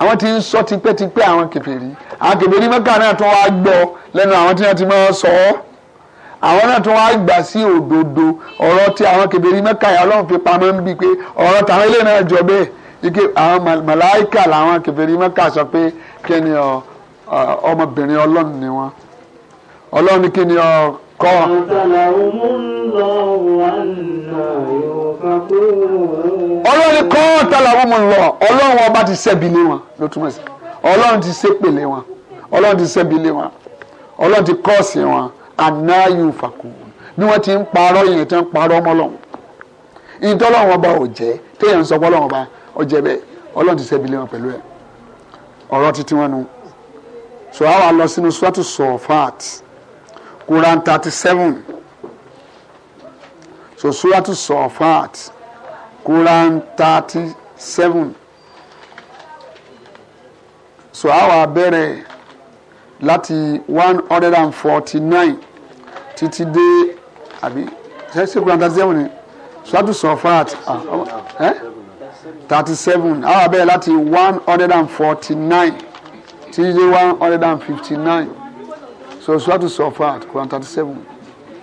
àwọn tí ń sọ tipẹ́tipẹ́ àwọn kèfèrí àwọn kèfèrí mẹ́kà náà tó wá gbọ́ lẹ́nu àwọn tí wọ́n ti máa ń sọ ọ́ àwọn náà tún wá gbà sí òdodo ọ̀rọ̀ tí àwọn kèbèrè mẹ́ka yà ọlọ́run fi pamọ́ níbi pé ọ̀rọ̀ tàwọn ilé náà jọ bẹ́ẹ̀ ike àwọn màláìkà làwọn kèbèrè mẹ́ka sọ pé kí ni ọmọbìnrin ọlọ́run ni wọn ọlọ́run ni kí ni ọ kọ́. ọlọ́run kọ́ tàlàwọ́ mu lọ ọlọ́run ọba ti ṣẹ́bi lé wọn ló túmọ̀ sí ọlọ́run ti ṣépè wọn ọlọ́run ti ṣẹ́bi lé wọn ọlọ́run ti kọ́ọ̀sì wọn anáyù fàkù bí wọ́n ti ń parọ́ yẹn tí wọ́n ń parọ́ mọ́lọ́hún ìtọ́lọ́hún ọba ò jẹ́ téèyàn ń sọ fọ́lọ́hún ọba ó jẹ́ bẹ́ẹ̀ ọlọ́run ti sẹ́bi lé wọn pẹ̀lú ẹ̀ ọ̀rọ̀ títí wọn nu so a wà lọ sínú swatu sọfat Quran thirty seven so swatu sọfat Quran thirty seven so a wà bẹ̀rẹ̀ láti one hundred and forty nine títí Abi. àbí ṣẹ́ṣẹ́ kúrò thirty seven ni ṣáàtú sọfàt ah, thirty seven àwọn abẹ́rẹ́ láti one hundred and forty nine títí dé one hundred and fifty nine so ṣáàtú sọfàt kúrò thirty seven.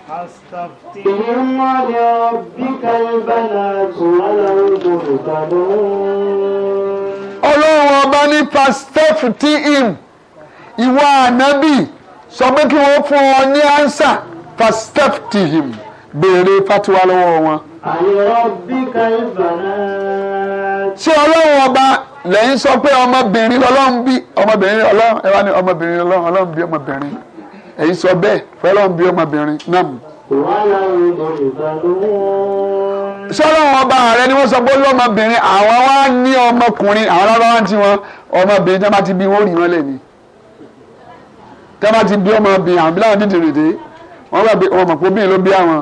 أستفتهم لربك البنات ولهم تهتدون ọlọ́run ọba ní pastef tí im ìwà ànábì sọ pé kí wọ́n fún fastaftihim béèrè fatiwa lọ́wọ́ wọn. àyọ̀rọ̀ bí kàìfà náà. ṣé ọlọ́run ọba lẹ́yìn sọ pé ọmọbìnrin lọ́lọ́run bí ọmọbìnrin ọlọ́run ẹ wá ní ọmọbìnrin lọ́lọ́run ọlọ́run bí ọmọbìnrin èyí sọ bẹ́ẹ̀ fọlọ́run bí ọmọbìnrin náà. sọ́lọ́run ọba rẹ ni wọ́n sọ pé lọ́mọbìnrin àwọn wá ní ọmọkùnrin àwọn lọ́wọ́ tí wọ́n ọmọbìnrin tí wọ́n bá ti bí wọ́n rí wọn lẹ́ni tí wọ́n bá ti bí ọmọbìnrin àwọn bí láwọn dídìrì dé wọ́n gbà pé wọ́n mọ̀ pé obìnrin ló bí àwọn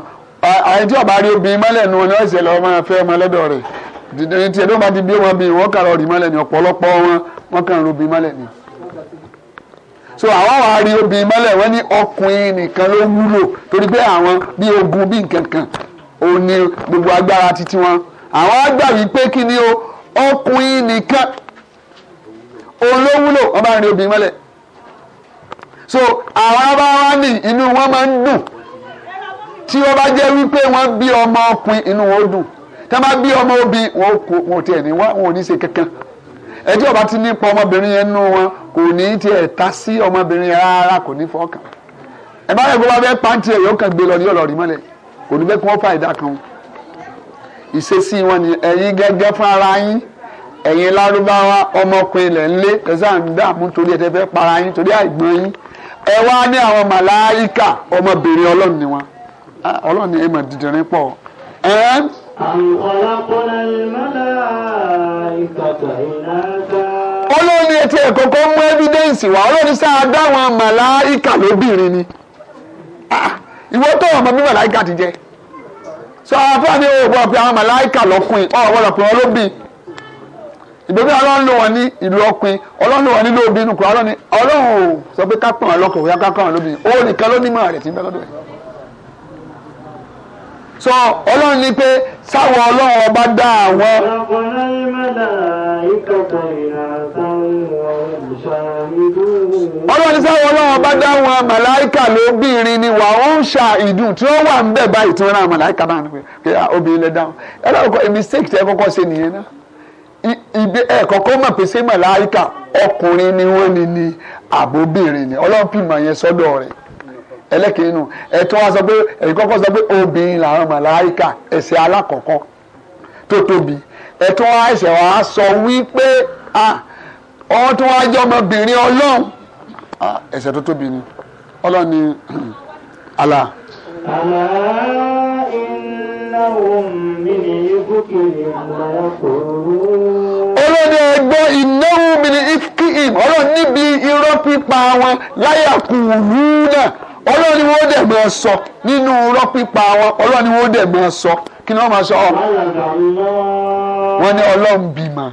àwọn tí ọba rí obìnrin mọ́lẹ̀ nu wọn ni wọ́n sì lọ́ọ́ máa fẹ́ ọmọ lọ́dọ̀ rẹ̀ dídí tí ẹ̀dọ́ bá ti bí wọn bí wọn kà rí mọ́lẹ̀ ni ọ̀pọ̀lọpọ̀ wọn wọn kàn ló bí mọ́lẹ̀ ni. so àwọn wàá rí obìnrin mọ́lẹ̀ wọ́n ní ọkùnrin nìkan ló wúlò torí pé àwọn bí ogun bí nǹkan kan òun ni gbogbo agbára titi wọn àwọn á gbà wípé kí ni o ọkùnrin nìkan olówúlò ọba rí obìnrin mọ́lẹ̀ so àwọn arábáwá ní inú wọn máa ń dùn tí wọ́n bá jẹ́ wípé wọ́n bí ọmọ ọkùnrin inú wọn ó dùn tí wọ́n bá bí ọmọ obìnrin wọn kó wọn ò tiẹ̀ kankan ẹjọ́ ọba ti ní pa ọmọbìnrin yẹn nú wọn kò ní tiẹ̀ ta sí ọmọbìnrin yẹn rárá kò ní ẹ bá yẹ kó bá bẹ́ẹ̀ pàǹtí ẹ̀ yóò kàn gbé lọ ní mọ́lẹ̀ kò ní fà ìdá kan ni gẹ́gẹ́ ara yín lárúbáwá ọmọkùnrin ẹ wá ní àwọn ọmọbìnrin ọlọ́run ni wọn ah, ọlọ́run ni ẹ dídìrín pọ̀ ẹ. olóòní etí ẹ̀kọ́ kó mú evidence wá olóòní sáà dáwọn lóbìnrin ni ah, ìwọ tó bí ti jẹ sọ àwọn afọ àwọn ìgbòmí ọlọ́run ló ní ìlú ọpin ọlọ́run ló wọn nílò sọ pé kápọ̀ wọn lọ́kọ̀ òyà kápọ̀ wọn lóbìnrin ó nìkan ló nímọ̀ rẹ̀ tí ń sọ ọlọ́run ni pé sáwọ ọlọ́run ọba dá àwọn. ọlọ́run sáwọ ọlọ́run ọba dá àwọn màláìkà lóbìnrin ni wà ó ń ìdùn tí wà ń bẹ̀ báyìí tí wọ́n rán màláìkà ah, náà ibi ẹ̀kọ́ mọ̀ pé sẹ́mọ̀ láyíká ọkùnrin ni ni àbóbìnrin ni ọlọ́run pìmọ̀ yẹn sọ́dọ̀ rẹ̀ ẹlẹ́kẹ̀ẹ́ ẹ̀tọ́ wa sọ pé ẹ̀yìn kọ́kọ́ sọ pé obìnrin làwọn ẹ̀sẹ̀ alákọ̀ọ́kọ́ tó tóbi ẹ̀tọ́ wa ẹ̀sẹ̀ wa sọ wípé ọ̀hún tó wá jẹ́ ọmọbìnrin ọlọ́run ẹ̀sẹ̀ tó ni ọlọ́run ni àlà. olóde ẹgbẹ́ ìnáwó bìrì ifki im níbi irọ́ pípa wọn láyà náà ọlọ́run ni dẹ̀ máa sọ nínú irọ́ pípa wọn dẹ̀ sọ kí ni wọ́n máa sọ wọ́n ní ọlọ́run bímọ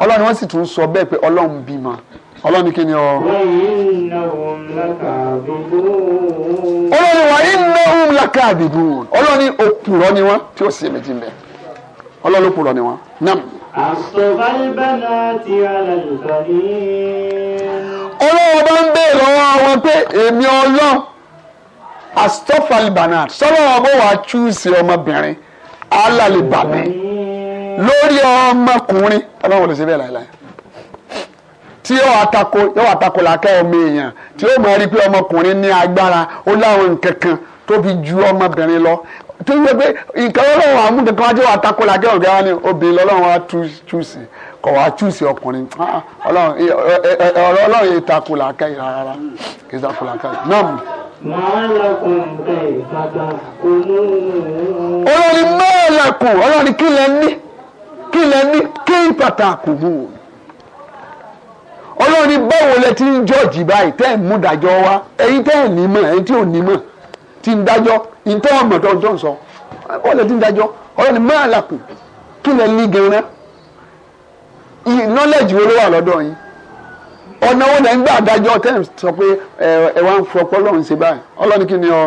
ọlọ́run wọ́n sì tún sọ bẹ́ẹ̀ pé ọlọ́run bímọ. ọlọ́ni kí ni ọ. ọlọ́ni wà innahum lakadibun ọlọ́ni òpùrọ́ ni wọ́n tí ó sì méjì mẹ́ ọlọ́ni òpùrọ́ ni wọ́n nam. asọ̀bálbánàtì alàlùbọ̀nì. ọlọ́wọ́ bá ń bèèrè lọ́wọ́ àwọn pé èmi ọlọ́ asọ̀fàlìbànà sọ́wọ́ ọmọ wa chúùsì ọmọbìnrin alàlùbànì lórí ọmọkùnrin ọlọ́wọ́ lè ṣe bẹ́ẹ̀ láìláì tí yóò atako yóò atako làákẹ́ ọmọ èèyàn tí yóò máa rí pé ọmọkùnrin ní agbára ó láwọn nǹkan kan tó fi ju ọmọbìnrin lọ tó yẹ pé nǹkan ọlọ́run àmú kankan wájú wa tako làákẹ́ ọ̀gá wa ni obìnrin lọ́lọ́run wa túùsì kọ̀ wá túùsì ọkùnrin ah, ah, ọlọ́run yìí tako làákẹ́ yìí rárá kì í tako làákẹ́ yìí náà. olórí mẹ́ẹ̀lẹ̀kùn ọlọ́run kí lẹ ní kí lẹ ní kí pàtàkì mú un ọlọ́run ní báwo lẹ ti ń jọ́ọ̀jì báyìí tẹ́ ẹ̀ mú dájọ́ wá ẹ̀yin tẹ́ ẹ̀ ní mọ̀ ẹ̀yin tí ò ní mọ̀ ti ń dájọ́ ìtẹ́ ọmọ tó ń tó ń sọ báwo lẹ ti ń dájọ́ ọlọ́run máa làkù kí lẹ ní gan-an knowledge wo ló wà lọ́dọ̀ yín ọ̀nà wo lẹ ń gbà dájọ́ tẹ́ ẹ̀ sọ pé ẹ wá ń fọpọ́ lọ́run ṣe báyìí ọlọ́run kí ni ọ.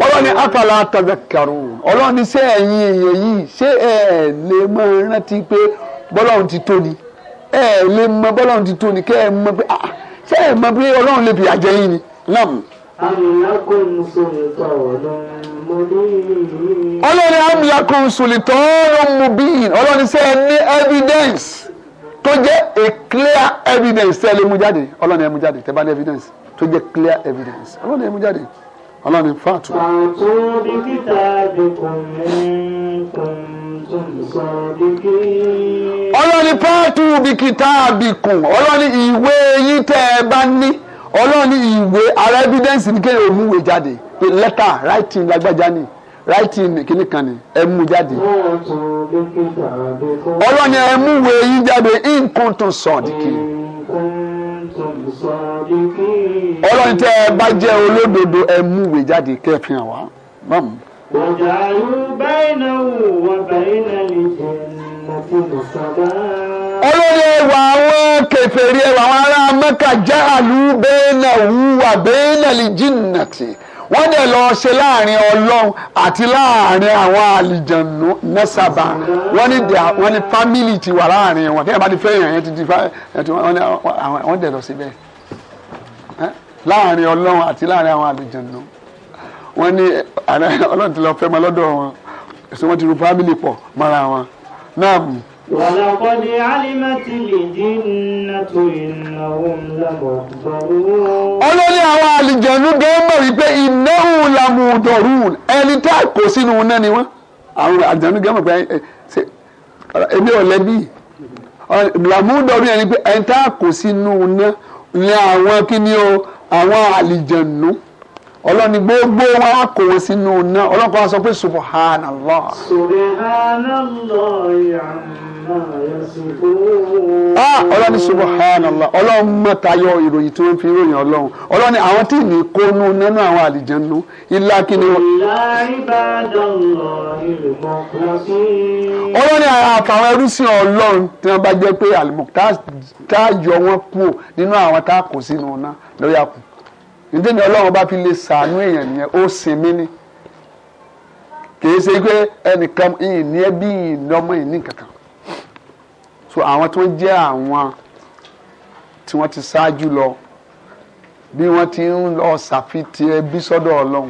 ọlọ́run ní akala tazakkarun ọlọ́run ní ṣé ẹ̀yin èèyàn yìí ṣé ẹ̀ lè máa rántí pé bọ́lọ́run ti tó ni ẹ ẹ lè mọ bọ́lọ́run ti tó ni kẹ́ ẹ mọ pé ah ṣé ẹ mọ pé ọlọ́run lè fi àjẹ́ yín ni nam. ọlọ́run amúlakùn sòlìtọ́ ọ̀rọ̀ mu bíyìn ọlọ́run ṣe é ní evidence tó jẹ́ a clear evidence tẹ́ ẹ lè mú jáde ọlọ́run ẹ mú jáde tẹ́ bá ní evidence tó jẹ́ clear evidence ọlọ́run ẹ mú jáde ọlọ́run fàtú. àtúndì kíta dùkùn mẹ́kùn ọlọ́ni pọ́ọ̀tù bìkítà bìkùn ọlọ́ni ìwé yín tẹ́ ẹ bá ní ọlọ́ni ìwé ara evidence ní kéde òmùwé jáde pé lẹ́tà writing lágbájá ni writing kìíní kan ni ẹ mú jáde ọlọ́ni ẹ mú ìwé yín jáde nǹkan tó sàn dìkì ọlọ́ni tẹ́ ẹ bá jẹ́ olódodo ẹ jáde kẹ́ ẹ وجعلوا بينه وبين الجنة نسبا olórí ẹwà àwọn kèfèrí ẹwà àwọn ará mẹ́kà jáàlú bẹ́ẹ̀nà wúwà bẹ́ẹ̀nà lìjìnnàtì wọ́n dẹ̀ lọ ṣe láàrin ọlọ́run àti láàrin àwọn àlìjànú nẹ́sàbà wọ́n ní dẹ̀ wọ́n ní fámìlì ti wà láàrin wọn bí ẹ bá ti fẹ́ yàn yẹn ti di wọ́n dẹ̀ lọ síbẹ̀ láàrin ọlọ́run àti láàrin àwọn àlìjànú wọ́n ní ọlọ́run ti lọ fẹ́ mọ lọ́dọ̀ wọn ṣé wọ́n ti ru fámìlì pọ̀ mọ́ra wọn náà. ولقد علمت الجنة إنهم لمحضرون. ọlọ́ni àwọn àlìjẹ̀nu gan mọ̀ wípé innahum lamuhdharun ẹni tá a kó sínú iná ni wọ́n àwọn àlìjẹ̀nu gan mọ̀ pé ẹbí ọ̀lẹ́bí làmúdọ̀rún ẹni pé ẹni tá a kó sínú iná ni àwọn kí ni o àwọn àlìjẹ̀nu ọlọ́ni gbogbo wọn á kó wọn sínú náà ọlọ́kọ̀ wa sọ pé subhanallah. subhanallah yàrá yẹn ọlọ́ni subhanallah ọlọ́run mọ̀tayọ ìròyìn tó ń fi ròyìn ọlọ́run ọlọ́ni àwọn tí ní kónú nínú àwọn àlìjẹnu ilá kíni wọn. ọlọ́ni àtàwọn ẹrú sí ọlọ́run tí wọ́n bá jẹ́ pé àlùmọ̀ tá a yọ wọn kú nínú àwọn tá a kò sínú náà lọ́yà kù nítorí ọlọ́run bá fi lè sàánú èèyàn nìyẹn ó sinmi ni kìí ṣe pé ẹnìkan ìní ẹbí ìnọmọ ìní kankan so àwọn tó jẹ́ àwọn tí wọ́n ti ṣáájú lọ bí wọ́n ti ń lọ ṣàfitì ẹbí sọ́dọ̀ ọlọ́run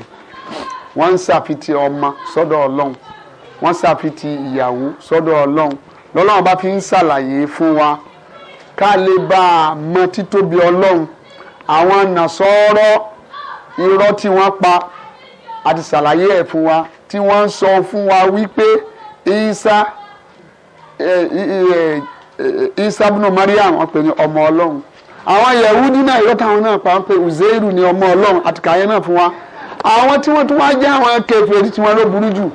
wọ́n ń ṣàfitì ọmọ sọ́dọ̀ ọlọ́run wọ́n ṣàfitì ìyàwó sọ́dọ̀ ọlọ́run lọ́lọ́run bá fi ń ṣàlàyé fún wa ká lè bá a mọ títóbi ọlọ́run àwọn nàṣọ́rọ́ irọ́ tí wọ́n pa àti ṣàlàyé ẹ̀ fún wa tí wọ́n ń sọ fún wa wípé Isa Isa bínú Mariam wọ́n pè ní ọmọ Ọlọ́run àwọn Yẹ̀húdí náà irọ́ táwọn náà pa wọ́n Uzeiru ní ọmọ Ọlọ́run àti kàyẹ́ náà fún wa àwọn tí wọ́n tún wá jẹ́ àwọn kèfèrí tí wọ́n ló burú jù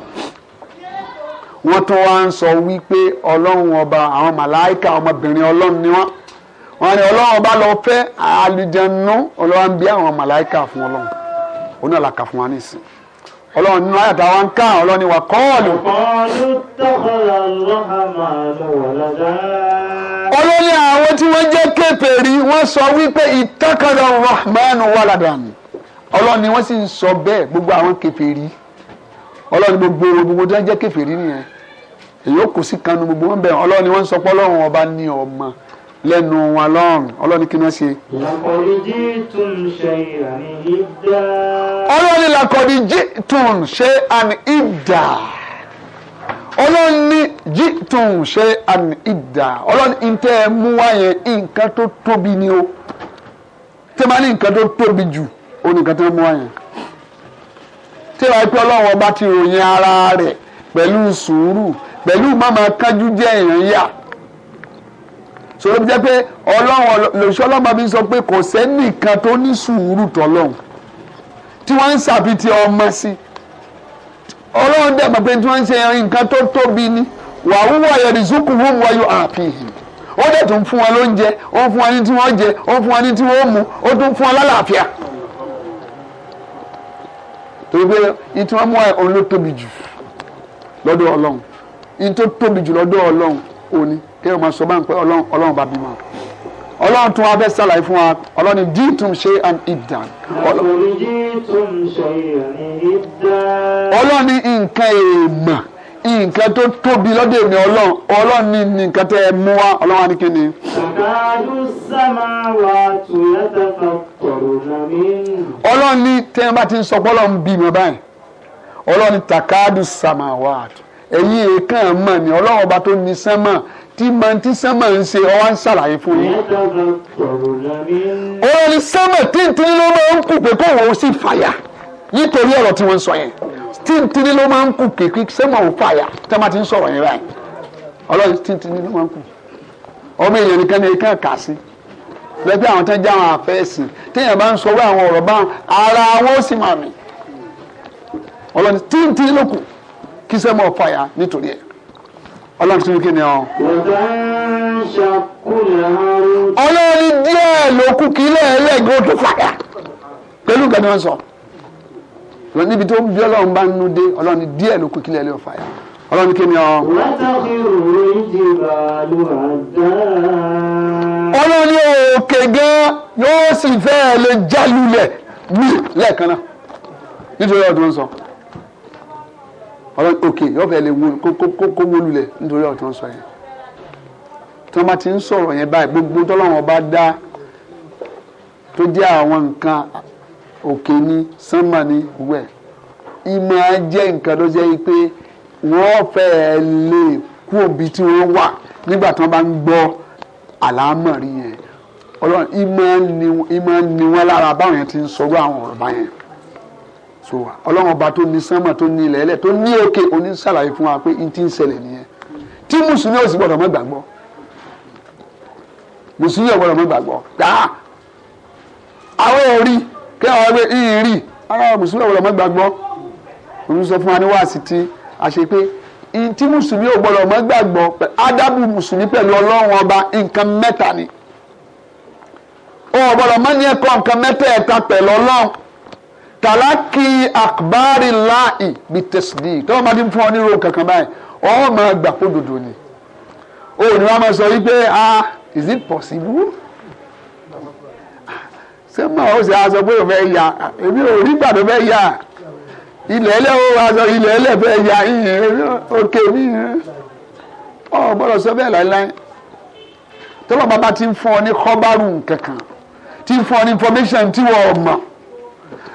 wọ́n tún wá ń sọ wípé Ọlọ́run ọba àwọn màláìka ọmọbìnrin Ọlọ́run ni wọ́n wọn ni ọlọ́run bá lọ fẹ́ àlìjẹnu ọlọ́run bí àwọn màláìka fún ọlọ́run òun náà la kà fún wa nísìn ọlọ́run nínú ayàtà wa ń kàn ọlọ́run ni wà kọ́ọ̀lù. olórí àwọn tí wọ́n jẹ́ kèfèrí wọ́n sọ wípé ìtàkàdà rahman waladan ọlọ́run ni wọ́n sì ń sọ bẹ́ẹ̀ gbogbo àwọn kèfèrí ọlọ́run ni gbogbo gbogbo tí wọ́n jẹ́ kèfèrí nìyẹn èyí ó kù sí kanu gbogbo wọn bẹ̀rẹ̀ ọlọ́run ni wọ́n ń sọ pé ọlọ́run ọba ní ọmọ lẹ́nu wọn lọ́rùn ọlọ́ni kí wọ́n ṣe. làkọ̀dí jí tún ṣe àní ìdá. ọlọ́ni làkọ̀dí jí tún ṣe àní ìdá. ọlọ́ni jí tún ṣe àní ìdá. ọlọ́ni ntẹ́ mú wáyé nǹkan tó tóbi ni o. tẹ́ máa ní nǹkan tó tóbi jù ó ní nǹkan tó mú wáyé. tẹ́ wàá pé ọlọ́run ọba ti ròyìn ara rẹ̀ pẹ̀lú sùúrù pẹ̀lú màmá kánjú jẹ́ èèyàn yá so ló fi jẹ́ pé ọlọ́run lòṣọ́ lọ́mọ sọ pé kò sẹ́nìkan tó ní sùúrù tọ́lọ́run tí wọ́n ń sàbìtì ọmọ sí ọlọ́run dẹ̀ pé tí wọ́n ń ṣe nǹkan tó tóbi ni wàhùwà yẹ̀rìzúkù wọ́n wọ́yọ̀ àfihàn ó dẹ̀ tún fún wọn lóúnjẹ ó fún wọn ní tí wọ́n jẹ ó fún wọn ní tí wọ́n mu ó tún fún wọn lálàáfíà torí pé ìtí wọ́n mú ẹ̀ òun ló tóbi jù lọ́dọ̀ ọlọ́run ìtó tóbi jù lọ́dọ̀ ọlọ́run òní kí ẹ máa sọ báyìí pé ọlọ́run ọlọ́run bá bímọ ọlọ́run tún abẹ́ sàlàyé fún wa ọlọ́run dí tún ṣe an ìdá. ọlọ́run ni nǹkan èèmọ̀ nǹkan tó tóbi lọ́dọ̀ èmi ọlọ́run ọlọ́run ní nǹkan tẹ́ ẹ mú wá ọlọ́run á ní kí ni. sàkáàdù sàmáwá tùyàtà kọ̀ọ̀rọ̀ nàmí. ọlọ́run ní tẹ́ ẹ bá ti ń sọ pé ọlọ́run bímọ báyìí ọlọ́run ní tàkáàdù sàmáwá tù ẹ̀yin èèkàn mọ̀ ní ọlọ́run ọba tó ní sánmà tí mọ tí sánmà ń ṣe ọwọ́ ń ṣàlàyé fún yín. ó ní sánmà tíntìní ló máa ń kù pé kó òun sì fàyà nítorí ọ̀rọ̀ tí wọ́n ń sọ yẹn tíntìní ló máa ń kù pé kí sánmà ò fàyà tí wọ́n ti ń sọ̀rọ̀ yẹn báyìí ọlọ́run tíntìní ló máa ń kù ọmọ èèyàn nìkan ni èèkàn kà sí lẹ́gbẹ́ àwọn tó ń já àwọn àfẹ́sì téèyàn bá ń sọ wọ́n àwọn ọ̀rọ̀ báwọn ara wọn ó sì máa mì ọlọ́run tíntìní ló kù kí sẹ́mu ọ̀fàyà nítorí ẹ̀ ọlọ́run tún kí ni ọ. ọlọ́run díẹ̀ ló kú kí ilé ẹlẹ́gbẹ́ ó tó fàyà pẹ̀lú nǹkan ni wọ́n sọ níbi tó ń bí ọlọ́run bá nú dé ọlọ́run díẹ̀ ló kú kí ilé ẹlẹ́gbẹ́ ó fàyà ọlọ́run kí ni ọ. ọlọ́run òkè gan yóò sì fẹ́ẹ́ lè jálulẹ̀ mí lẹ́ẹ̀kan náà nítorí ọ̀rọ̀ òkè yóò fẹ́ lè wo kó wó lulẹ̀ nítorí ọ̀rọ̀ tó ń sọ yẹn tí wọ́n bá ti ń sọ̀rọ̀ yẹn báyìí gbogbo tọ́lọ́wọ́n bá dá tó jẹ́ àwọn nǹkan òkè ni sánmà ni wẹ̀ ìmọ̀ jẹ́ nǹkan ló jẹ́ pé wọ́n fẹ́ lè kú òbí tí wọ́n wà nígbà tí wọ́n bá ń gbọ́ àlámọ̀rí yẹn ọlọ́run ìmọ̀ ni wọ́n lára báwọn yẹn ti ń sọ̀rọ̀ àwọn ọ̀rọ̀ báyẹn so ọlọ́run ọba tó ní sánmà tó ní ilẹ̀ ẹlẹ̀ tó ní òkè oní sàlàyé fún wa pé n ti ń ṣẹlẹ̀ nìyẹn tí mùsùlùmí ò sì gbọ́dọ̀ mọ́ gbàgbọ́ mùsùlùmí ò gbọ́dọ̀ mọ́ gbàgbọ́ dáa àwọn òrí kí àwọn ẹgbẹ́ ìyìn rí ara mùsùlùmí ò gbọ́dọ̀ mọ́ gbàgbọ́ òun sọ fún wa ní wáàsí ti àṣẹ pé n tí mùsùlùmí ò gbọ́dọ̀ mọ́ gbàgbọ́ ádábù mùsùlùmí pẹ̀lú ọlọ́run ọba nǹkan mẹ́ta ni ò gbọ́dọ̀ mọ́ ní ẹ̀kọ́ nǹkan mẹ́tẹ̀ẹ̀ta pẹ̀lú ọlọ́run tàlákì àkbárì láì bí tẹ̀sídì tọ́wọ́n bá ti fún ọ nírò kankan báyìí ọ máa gbà kó dòdò ni o ní wàá máa sọ wípé ah is it possible ṣé màá ó ṣe aṣọ pé òun fẹ́ ya èmi ò rí gbàdọ̀ fẹ́ ya ilẹ̀ ẹlẹ́ ó aṣọ ilẹ̀ ẹlẹ́ fẹ́ ya ìyẹn òkè mi ọ gbọ́dọ̀ sọ bẹ́ẹ̀ láíláí tọ́lọ́ bàbá ti ń fún ọ ní kọ́bárù kankan ti ń fún ọ ní information tí wọ́n mọ̀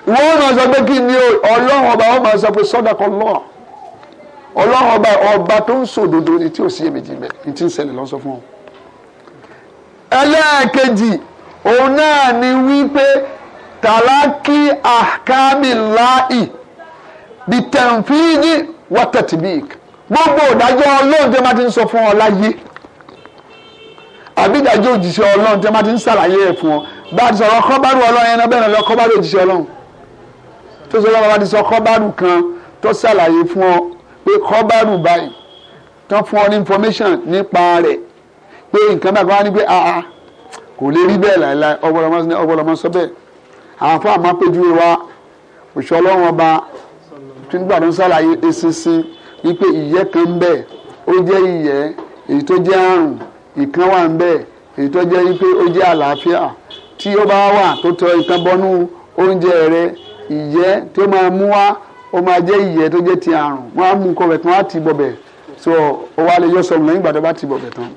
wọ́n máa sọ pé kí ni ọlọ́run ọba wọ́n máa sọ pé sọ́dà kan lọ́ọ̀ ọlọ́run ọba ọba tó ń sòdodo ni tí ò sí èméjì mẹ́ ní tí ń ṣẹlẹ̀ lọ́sọ fún ọ. ẹlẹ́ẹ̀kejì òun náà ni wípé tàlákì àkàmìláì bìtẹ̀ǹfìdì wọ́tẹ̀tìbík gbogbo ìdájọ́ ọlọ́run tí wọ́n máa ti ń sọ fún ọ láyé àbí ìdájọ́ òjìṣẹ́ ọlọ́run tí wọ́n máa ti ń ṣàlàyé ẹ̀ fún ọ bá a ti sọ̀rọ̀ kọ́bárù ọlọ́run yẹn náà bẹ́ẹ̀ náà lọ kọ́bárù òjìṣẹ́ ọlọ́run tó sọ lọ́wọ́ bá ti sọ kọ́bárù kan tó ṣàlàyé fún ọ pé kọ́bárù báyìí tó fún ọ ní information nípa rẹ̀ pé nǹkan báyìí kọ́ wá ní pé àà ah, ah, kò lè rí bẹ́ẹ̀ láìláì ọgbọ́dọ̀mọ sọ bẹ́ẹ̀ àwọn fún àmọ́ péjúwe wa òṣìṣẹ́ ọlọ́run ọba tí nígbà tó ń ṣàlàyé eṣinṣin wípé ìyẹ́ kan ń bẹ ó jẹ́ ìyẹ́ èyí tó jẹ́ àrùn ìkan wà ń bẹ èyí tó jẹ́ wípé ó jẹ́ àlàáfíà tí ó bá wà tó tọ ìkan bọnú oúnjẹ rẹ ìyẹ́ tó máa mú wá ó máa jẹ́ ìyẹ́ tó jẹ́ ti àrùn wọ́n á mú nǹkan bẹ̀ tí wọ́n á ti bọ̀ so ó wá lè yọ sọ̀rọ̀ lẹ́yìn ìgbà tó bá ti bọ̀ tán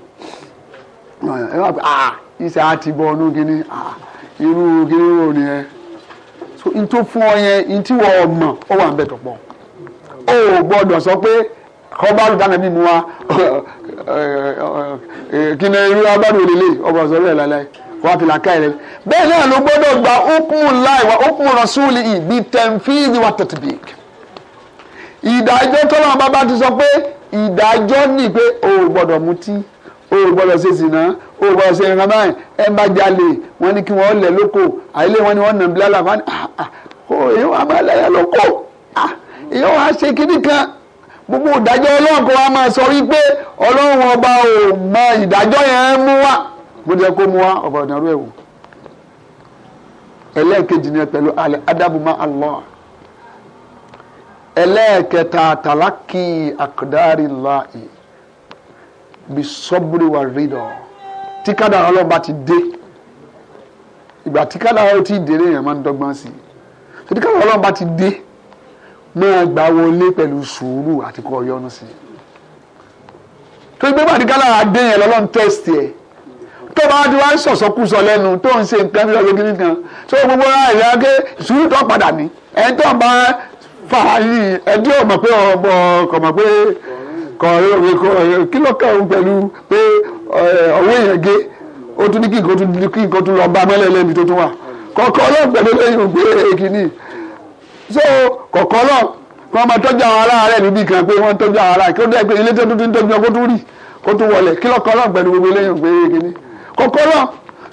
ẹ wá pé ah ìṣe á ti bọ̀ ọdún kínní ah irú kínní wo ni ẹ so n tó fún ọ yẹn n tí wọ́n mọ̀ ó wà ń bẹ̀ tó pọ̀ ó gbọ́dọ̀ sọ pé kọ́bárù dáná bí mu wa kí irú abáàdù òlélẹ̀ ọ̀bọ̀n sọ bẹ́ẹ̀ láéláé wá fi làákà rẹ bẹ́ẹ̀ náà ló gbọ́dọ̀ gba ókùnmù láì wá ókùnmù rasúlì ìbí tẹ̀m̀fìlì wà tẹ̀tìbìk ìdájọ́ tọ́lọ́mọ bàbá ti sọ pé ìdájọ́ ní pé o ò gbọ́dọ̀ mutí o ò gbọ́dọ̀ ṣe sìnà o ò gbọ́dọ̀ ṣe ìrìnà báyìí ẹ má jalè wọ́n ní kí wọ́n lẹ̀ lóko àìlè wọ́n ní wọ́n nà bílálà wọ́n ní ah, ah, ah, o èyí wọ́n á máa lóko èyí wọ́n á ṣe kíní kan gbogbo ìdájọ́ ọlọ́run kó wa máa sọ wípé ọlọ́run ọba ò mọ ìdájọ́ yẹn mú wa bó jẹ́ kó mú wa ọ̀gbọ̀n dàrú ẹ̀ wò ni pẹ̀lú alẹ́ adábùmá Allah ẹlẹ́ẹ̀kẹta tàlákì àkàdárì láì bí sọ́búrì wa rídọ̀ tí kádàrá ọlọ́run bá ti dé ìgbà tí kádàrá ọlọ́run ti dé lèèyàn máa ń dọ́gbọ́n sí i tí kádàrá ti dé máa gbà wọlé pẹ̀lú sùúrù àti kọ́ ọ̀yọ́nu sí i tó gbé bàtí kádàrá dé yẹn lọ́lọ́run tẹ́sítì ẹ̀ bá ti wá ń sọ̀sọ́kùsọ lẹ́nu tó ń ṣe nǹkan fílọ́ lógún nìkan tó gbogbo ara ìyá ké sùúrù tó padà ní ẹni tó ń bá fà á yìí ẹdí ọ̀mọ̀ pé ọ̀bọ̀ kọ̀ mọ̀ pé kí ló kà ń pẹ̀lú pé ọwọ́ èèyàn gé ó tún ní kí nǹkan tún kí nǹkan tún lọ bá mọ́lẹ̀ lẹ́nu tó tún wà kọ̀ọ̀kọ́ pẹ̀lú lẹ́yìn ògbé so kọ̀ọ̀kọ́ ọlọ́run kí wọ́n máa tọ́jú àwọn aláàárẹ̀ níbí kan pé wọ́n tọ́jú àwọn aláàárẹ̀ kí ó dẹ́ pé ilé tó tún tọ́jú ọkọ̀ tó rí kó tún wọlé kí lọ́kọ́ ọlọ́run pẹ̀lú gbogbo lẹ́yìn ògbé èkìní kọ́kọ́rọ́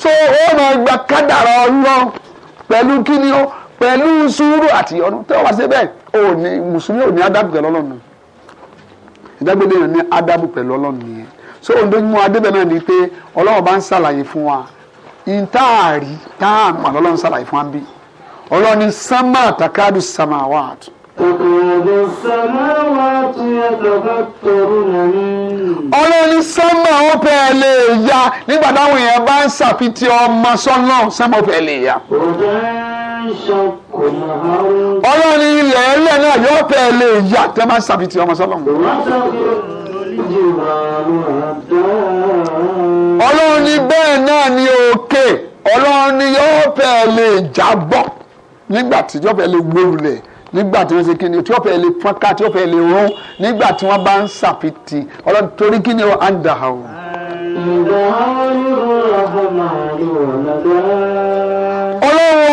so ó máa gba kádàrá ọlọ́ pẹ̀lú kíni ó pẹ̀lú sùúrù àti ọ̀nà tí wọ́n wá sí bẹ́ẹ̀ ò mùsùlùmí adabu pẹlụ ìdágbélé yẹn ní adabu pẹ̀lú ọlọ́run nìyẹn so ohun tó mú adébẹ̀ náà ni pé bá ń fún wa ṣàlàyé ọlọ́run ní sánmà ó fẹ́ lè ya nígbà táwọn èèyàn bá ń ṣàfitì ọmọ sọ́nà sánmà ó fẹ́ lè ya. ọlọ́run ní ilẹ̀ ẹlẹ́ náà yóò fẹ́ lè ya tẹ́ bá ń ṣàfitì ọmọ sọ́nà. ọlọ́run ní bẹ́ẹ̀ náà ni òkè ọlọ́run ní yóò fẹ́ lè jábọ́ nígbà tí yóò fẹ́ lè wérulẹ̀ nígbà tí wọ́n ṣe kí ni tí wọ́n fẹ́ lè fọ́nká tí wọ́n fẹ́ lè rún nígbà tí wọ́n bá ń ṣàpìtì ọlọ́run torí kí ni ó á ń dà á o. ọlọ́run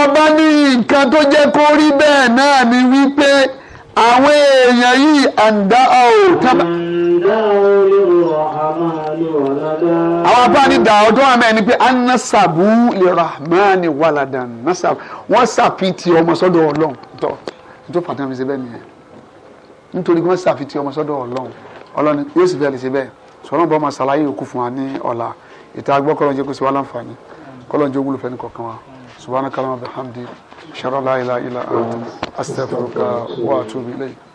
ọba ní nǹkan tó jẹ́ kó rí bẹ́ẹ̀ náà ni wípé àwọn èèyàn yìí àǹdá ọ̀hún tábà. àwọn apá ní dàọ́ tó wà mẹ́rin ni pé anasabu lirahmani waladan nasabu wọ́n ṣàpìtì ọmọ sọ́dọ̀ ọlọ́run tọ́ nítorí pàtó fi ṣe bẹ́ẹ̀ nìyẹn nítorí wọ́n ṣàfitì ọmọ sọ́dọ̀ ọlọ́run ọlọ́run yóò sì bẹ́ẹ̀ lè ṣe bẹ́ẹ̀ sọ̀rọ̀ bọ́ máa ṣàlàyé òkú fún wa ní ọ̀la ìta gbọ́ kọ́lọ́n jẹ́ kó ṣe wá láǹfààní kọ́lọ́n jẹ́ ogúnlùfẹ́ ní kọ̀ọ̀kan wa subhanaka allahumma bihamdi shara la ilaha illa anta astaghfiruka wa atubu ilayk